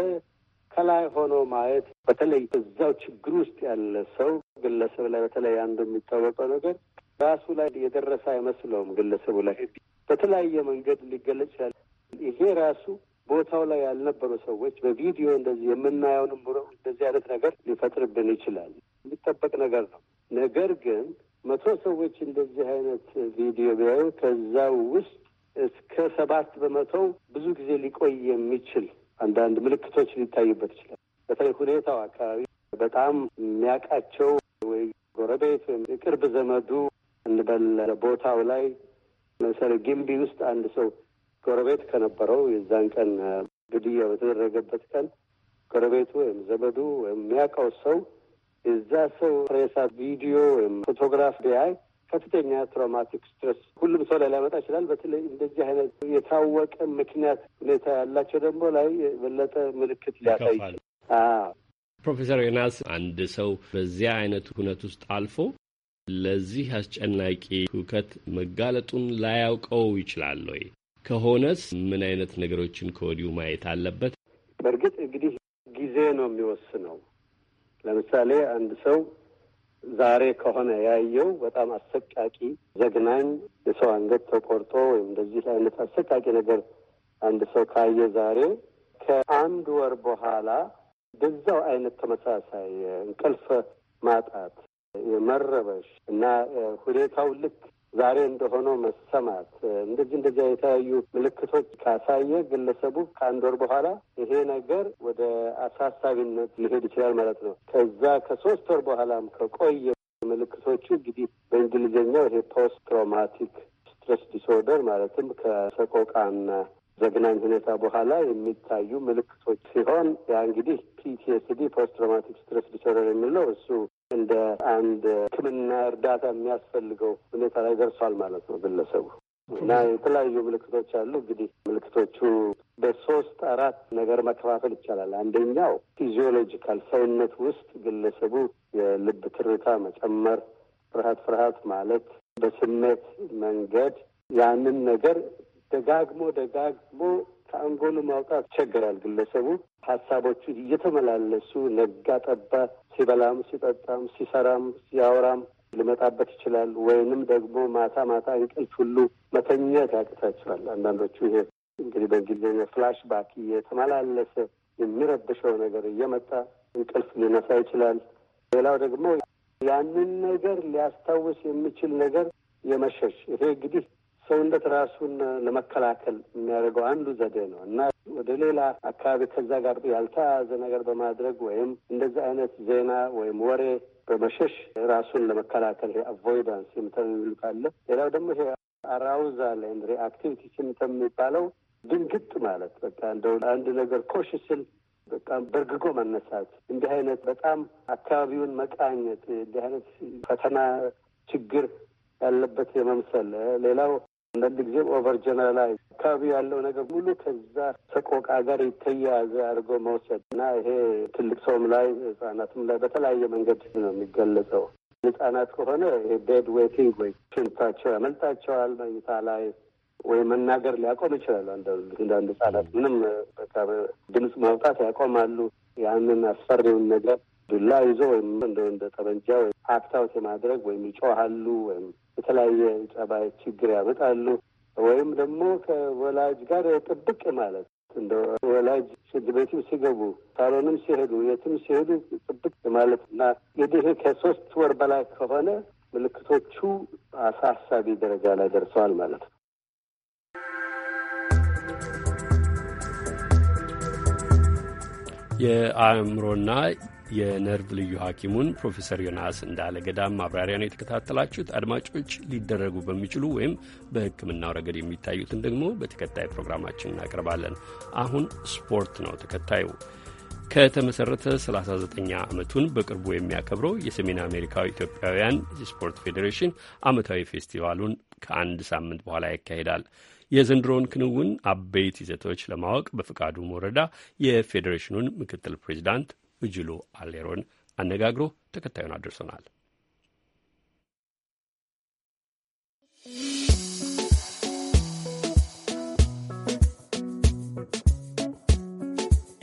ከላይ ሆኖ ማየት በተለይ እዛው ችግር ውስጥ ያለ ሰው ግለሰብ ላይ በተለይ አንዱ የሚታወቀው ነገር ራሱ ላይ የደረሰ አይመስለውም። ግለሰቡ ላይ በተለያየ መንገድ ሊገለጽ ያለ ይሄ ራሱ ቦታው ላይ ያልነበሩ ሰዎች በቪዲዮ እንደዚህ የምናየውንም ብሎ እንደዚህ አይነት ነገር ሊፈጥርብን ይችላል። የሚጠበቅ ነገር ነው። ነገር ግን መቶ ሰዎች እንደዚህ አይነት ቪዲዮ ቢያዩ ከዛ ውስጥ እስከ ሰባት በመቶው ብዙ ጊዜ ሊቆይ የሚችል አንዳንድ ምልክቶች ሊታዩበት ይችላል። በተለይ ሁኔታው አካባቢ በጣም የሚያውቃቸው ወይ ጎረቤት ወይም የቅርብ ዘመዱ እንበል ቦታው ላይ ለምሳሌ ግንቢ ውስጥ አንድ ሰው ጎረቤት ከነበረው የዛን ቀን ግድያ በተደረገበት ቀን ጎረቤቱ ወይም ዘመዱ ወይም የሚያውቀው ሰው የዛ ሰው ሬሳ ቪዲዮ ወይም ፎቶግራፍ ቢያይ ከፍተኛ ትራውማቲክ ስትረስ ሁሉም ሰው ላይ ሊያመጣ ይችላል። በተለይ እንደዚህ አይነት የታወቀ ምክንያት ሁኔታ ያላቸው ደግሞ ላይ የበለጠ ምልክት ሊያሳይ ይችላል። ፕሮፌሰር ዮናስ አንድ ሰው በዚያ አይነት ሁነት ውስጥ አልፎ ለዚህ አስጨናቂ ሁከት መጋለጡን ላያውቀው ይችላል ወይ? ከሆነስ ምን አይነት ነገሮችን ከወዲሁ ማየት አለበት? በእርግጥ እንግዲህ ጊዜ ነው የሚወስነው። ለምሳሌ አንድ ሰው ዛሬ ከሆነ ያየው በጣም አሰቃቂ ዘግናኝ የሰው አንገት ተቆርጦ ወይም እንደዚህ አይነት አሰቃቂ ነገር አንድ ሰው ካየ ዛሬ ከአንድ ወር በኋላ በዛው አይነት ተመሳሳይ እንቅልፍ ማጣት የመረበሽ እና ሁኔታው ልክ ዛሬ እንደሆነ መሰማት እንደዚህ እንደዚያ የተለያዩ ምልክቶች ካሳየ ግለሰቡ ከአንድ ወር በኋላ ይሄ ነገር ወደ አሳሳቢነት ሊሄድ ይችላል ማለት ነው። ከዛ ከሶስት ወር በኋላም ከቆየ ምልክቶቹ እንግዲህ በእንግሊዝኛው ይሄ ፖስት ትራውማቲክ ስትረስ ዲስኦርደር ማለትም ከሰቆቃና ዘግናኝ ሁኔታ በኋላ የሚታዩ ምልክቶች ሲሆን ያ እንግዲህ ፒቲኤስዲ ፖስት ትራውማቲክ ስትረስ ዲስኦርደር የሚለው እሱ እንደ አንድ ሕክምና እርዳታ የሚያስፈልገው ሁኔታ ላይ ደርሷል ማለት ነው ግለሰቡ እና የተለያዩ ምልክቶች አሉ። እንግዲህ ምልክቶቹ በሶስት አራት ነገር መከፋፈል ይቻላል። አንደኛው ፊዚዮሎጂካል ሰውነት ውስጥ ግለሰቡ የልብ ትርታ መጨመር፣ ፍርሃት ፍርሃት ማለት በስሜት መንገድ ያንን ነገር ደጋግሞ ደጋግሞ ከአንጎሉ ማውጣት ይቸገራል። ግለሰቡ ሀሳቦቹ እየተመላለሱ ነጋ ጠባ፣ ሲበላም፣ ሲጠጣም፣ ሲሰራም፣ ሲያወራም ሊመጣበት ይችላል። ወይንም ደግሞ ማታ ማታ እንቅልፍ ሁሉ መተኛት ያቅታ ይችላል። አንዳንዶቹ ይሄ እንግዲህ በእንግሊዝኛ ፍላሽ ባክ እየተመላለሰ የሚረብሸው ነገር እየመጣ እንቅልፍ ሊነሳ ይችላል። ሌላው ደግሞ ያንን ነገር ሊያስታውስ የሚችል ነገር የመሸሽ ይሄ እንግዲህ ሰውነት ራሱን ለመከላከል የሚያደርገው አንዱ ዘዴ ነው እና ወደ ሌላ አካባቢ ከዛ ጋር ያልተያያዘ ነገር በማድረግ ወይም እንደዚህ አይነት ዜና ወይም ወሬ በመሸሽ ራሱን ለመከላከል አቮይዳንስ የሚሉ ካለ፣ ሌላው ደግሞ ይሄ አራውዛል ኤንድ ሪአክቲቪቲ ሲምተም የሚባለው ድንግጥ ማለት በቃ እንደው አንድ ነገር ኮሽ ስል በቃ በርግጎ መነሳት፣ እንዲህ አይነት በጣም አካባቢውን መቃኘት፣ እንዲህ አይነት ፈተና ችግር ያለበት የመምሰል ሌላው አንዳንድ ጊዜ ኦቨር ጀነራላይዝ አካባቢ ያለው ነገር ሙሉ ከዛ ሰቆቃ ጋር የተያያዘ አድርጎ መውሰድ እና ይሄ ትልቅ ሰውም ላይ ህጻናትም ላይ በተለያየ መንገድ ነው የሚገለጸው። ህጻናት ከሆነ ቤድ ዌቲንግ ወይ ሽንታቸው ያመልጣቸዋል መኝታ ላይ ወይ መናገር ሊያቆም ይችላል። አንዳንድ ህጻናት ምንም በቃ ድምፅ ማውጣት ያቆማሉ። ያንን አስፈሪውን ነገር ዱላ ይዞ ወይም እንደ ጠመንጃ ወይ አክታውት የማድረግ ወይም ይጮሃሉ ወይም የተለያየ ጸባይ ችግር ያመጣሉ። ወይም ደግሞ ከወላጅ ጋር ጥብቅ ማለት እንደ ወላጅ ሽንት ቤትም ሲገቡ ሳሎንም ሲሄዱ የትም ሲሄዱ ጥብቅ ማለት እና እንግዲህ ከሶስት ወር በላይ ከሆነ ምልክቶቹ አሳሳቢ ደረጃ ላይ ደርሰዋል ማለት ነው። የአእምሮና የነርቭ ልዩ ሐኪሙን ፕሮፌሰር ዮናስ እንዳለ ገዳም ማብራሪያ ነው የተከታተላችሁት። አድማጮች ሊደረጉ በሚችሉ ወይም በሕክምናው ረገድ የሚታዩትን ደግሞ በተከታይ ፕሮግራማችን እናቀርባለን። አሁን ስፖርት ነው ተከታዩ። ከተመሠረተ 39 ዓመቱን በቅርቡ የሚያከብረው የሰሜን አሜሪካው ኢትዮጵያውያን የስፖርት ፌዴሬሽን ዓመታዊ ፌስቲቫሉን ከአንድ ሳምንት በኋላ ያካሂዳል። የዘንድሮውን ክንውን አበይት ይዘቶች ለማወቅ በፍቃዱ መረዳ የፌዴሬሽኑን ምክትል ፕሬዚዳንት እጅሎ አሌሮን አነጋግሮ ተከታዩን አድርሶናል።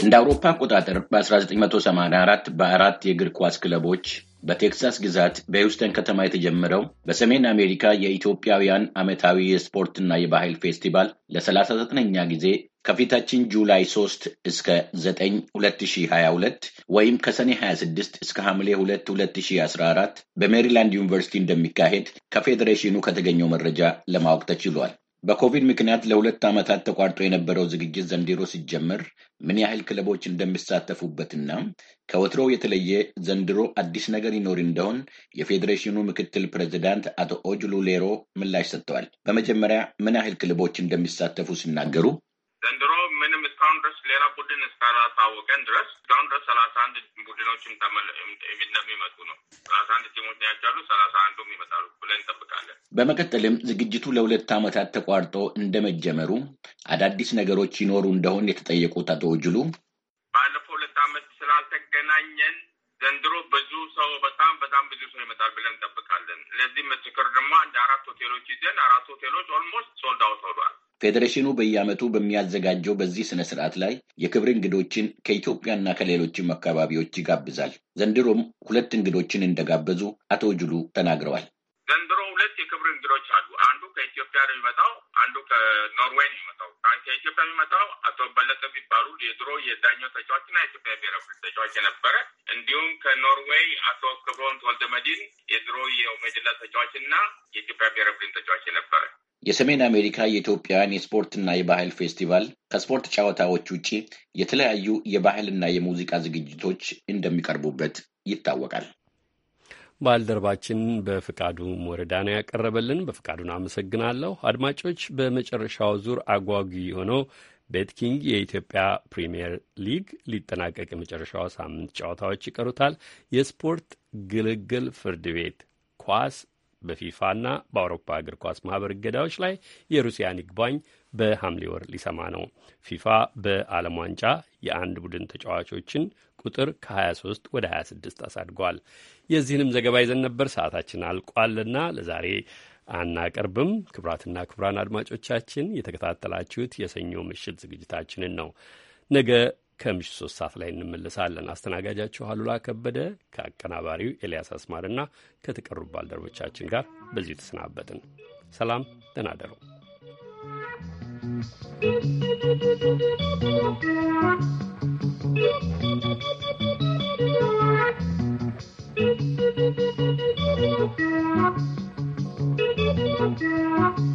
እንደ አውሮፓ አቆጣጠር በ1984 በአራት የእግር ኳስ ክለቦች በቴክሳስ ግዛት በሂውስተን ከተማ የተጀመረው በሰሜን አሜሪካ የኢትዮጵያውያን ዓመታዊ የስፖርትና የባህል ፌስቲቫል ለ39ኛ ጊዜ ከፊታችን ጁላይ 3 እስከ 9 2022 ወይም ከሰኔ 26 እስከ ሐምሌ 2 2014 በሜሪላንድ ዩኒቨርሲቲ እንደሚካሄድ ከፌዴሬሽኑ ከተገኘው መረጃ ለማወቅ ተችሏል። በኮቪድ ምክንያት ለሁለት ዓመታት ተቋርጦ የነበረው ዝግጅት ዘንድሮ ሲጀመር ምን ያህል ክለቦች እንደሚሳተፉበትና ከወትሮው የተለየ ዘንድሮ አዲስ ነገር ይኖር እንደሆን የፌዴሬሽኑ ምክትል ፕሬዚዳንት አቶ ኦጅሉ ሌሮ ምላሽ ሰጥተዋል። በመጀመሪያ ምን ያህል ክለቦች እንደሚሳተፉ ሲናገሩ ዘንድሮ ምንም እስካሁን ድረስ ሌላ ቡድን እስካላሳወቀን ድረስ እስካሁን ድረስ ሰላሳ አንድ ቡድኖች እንደሚመጡ ነው። ሰላሳ አንድ ቲሞች ነው ያቻሉ። ሰላሳ አንዱም ይመጣሉ ብለን እንጠብቃለን። በመቀጠልም ዝግጅቱ ለሁለት ዓመታት ተቋርጦ እንደመጀመሩ አዳዲስ ነገሮች ይኖሩ እንደሆን የተጠየቁት አቶ ጅሉ ባለፈው ሁለት ዓመት ስላልተገናኘን ዘንድሮ ብዙ ሰው በጣም በጣም ብዙ ሰው ይመጣል ብለን እንጠብቃለን። ለዚህ ምስክር ደግሞ አንድ አራት ሆቴሎች ይዘን አራት ሆቴሎች ኦልሞስት ሶልድ አውት ሆኗል። ፌዴሬሽኑ በየዓመቱ በሚያዘጋጀው በዚህ ስነ ስርዓት ላይ የክብር እንግዶችን ከኢትዮጵያና ከሌሎችም አካባቢዎች ይጋብዛል። ዘንድሮም ሁለት እንግዶችን እንደጋበዙ አቶ ጅሉ ተናግረዋል። ዘንድሮ ሁለት የክብር እንግዶች አሉ። አንዱ ከኢትዮጵያ ነው የሚመጣው አንዱ ከኖርዌይ ነው የሚመጣው። ከኢትዮጵያ የሚመጣው አቶ በለጠ የሚባሉ የድሮ የዳኛው ተጫዋች እና የኢትዮጵያ ብሔራዊ ቡድን ተጫዋች የነበረ እንዲሁም ከኖርዌይ አቶ ክብሮም ተወልደመድህን የድሮ የኦሜድላ ተጫዋች እና የኢትዮጵያ ብሔራዊ ቡድን ተጫዋች የነበረ የሰሜን አሜሪካ የኢትዮጵያውያን የስፖርትና የባህል ፌስቲቫል ከስፖርት ጨዋታዎች ውጪ የተለያዩ የባህልና የሙዚቃ ዝግጅቶች እንደሚቀርቡበት ይታወቃል። ባልደረባችን በፍቃዱ ወረዳ ነው ያቀረበልን። በፍቃዱን አመሰግናለሁ። አድማጮች፣ በመጨረሻው ዙር አጓጊ የሆነው ቤትኪንግ የኢትዮጵያ ፕሪምየር ሊግ ሊጠናቀቅ የመጨረሻው ሳምንት ጨዋታዎች ይቀሩታል። የስፖርት ግልግል ፍርድ ቤት ኳስ በፊፋና በአውሮፓ እግር ኳስ ማህበር እገዳዎች ላይ የሩሲያን ይግባኝ በሐምሌ ወር ሊሰማ ነው። ፊፋ በዓለም ዋንጫ የአንድ ቡድን ተጫዋቾችን ቁጥር ከ23 ወደ 26 አሳድጓል። የዚህንም ዘገባ ይዘን ነበር። ሰዓታችን አልቋልና ለዛሬ አናቀርብም። ክቡራትና ክቡራን አድማጮቻችን የተከታተላችሁት የሰኞ ምሽት ዝግጅታችንን ነው። ነገ ከምሽት ሶስት ሰዓት ላይ እንመልሳለን። አስተናጋጃችሁ አሉላ ከበደ ከአቀናባሪው ኤልያስ አስማርና ከተቀሩ ባልደረቦቻችን ጋር በዚሁ ተሰናበትን። ሰላም ደናደሩ Thank you.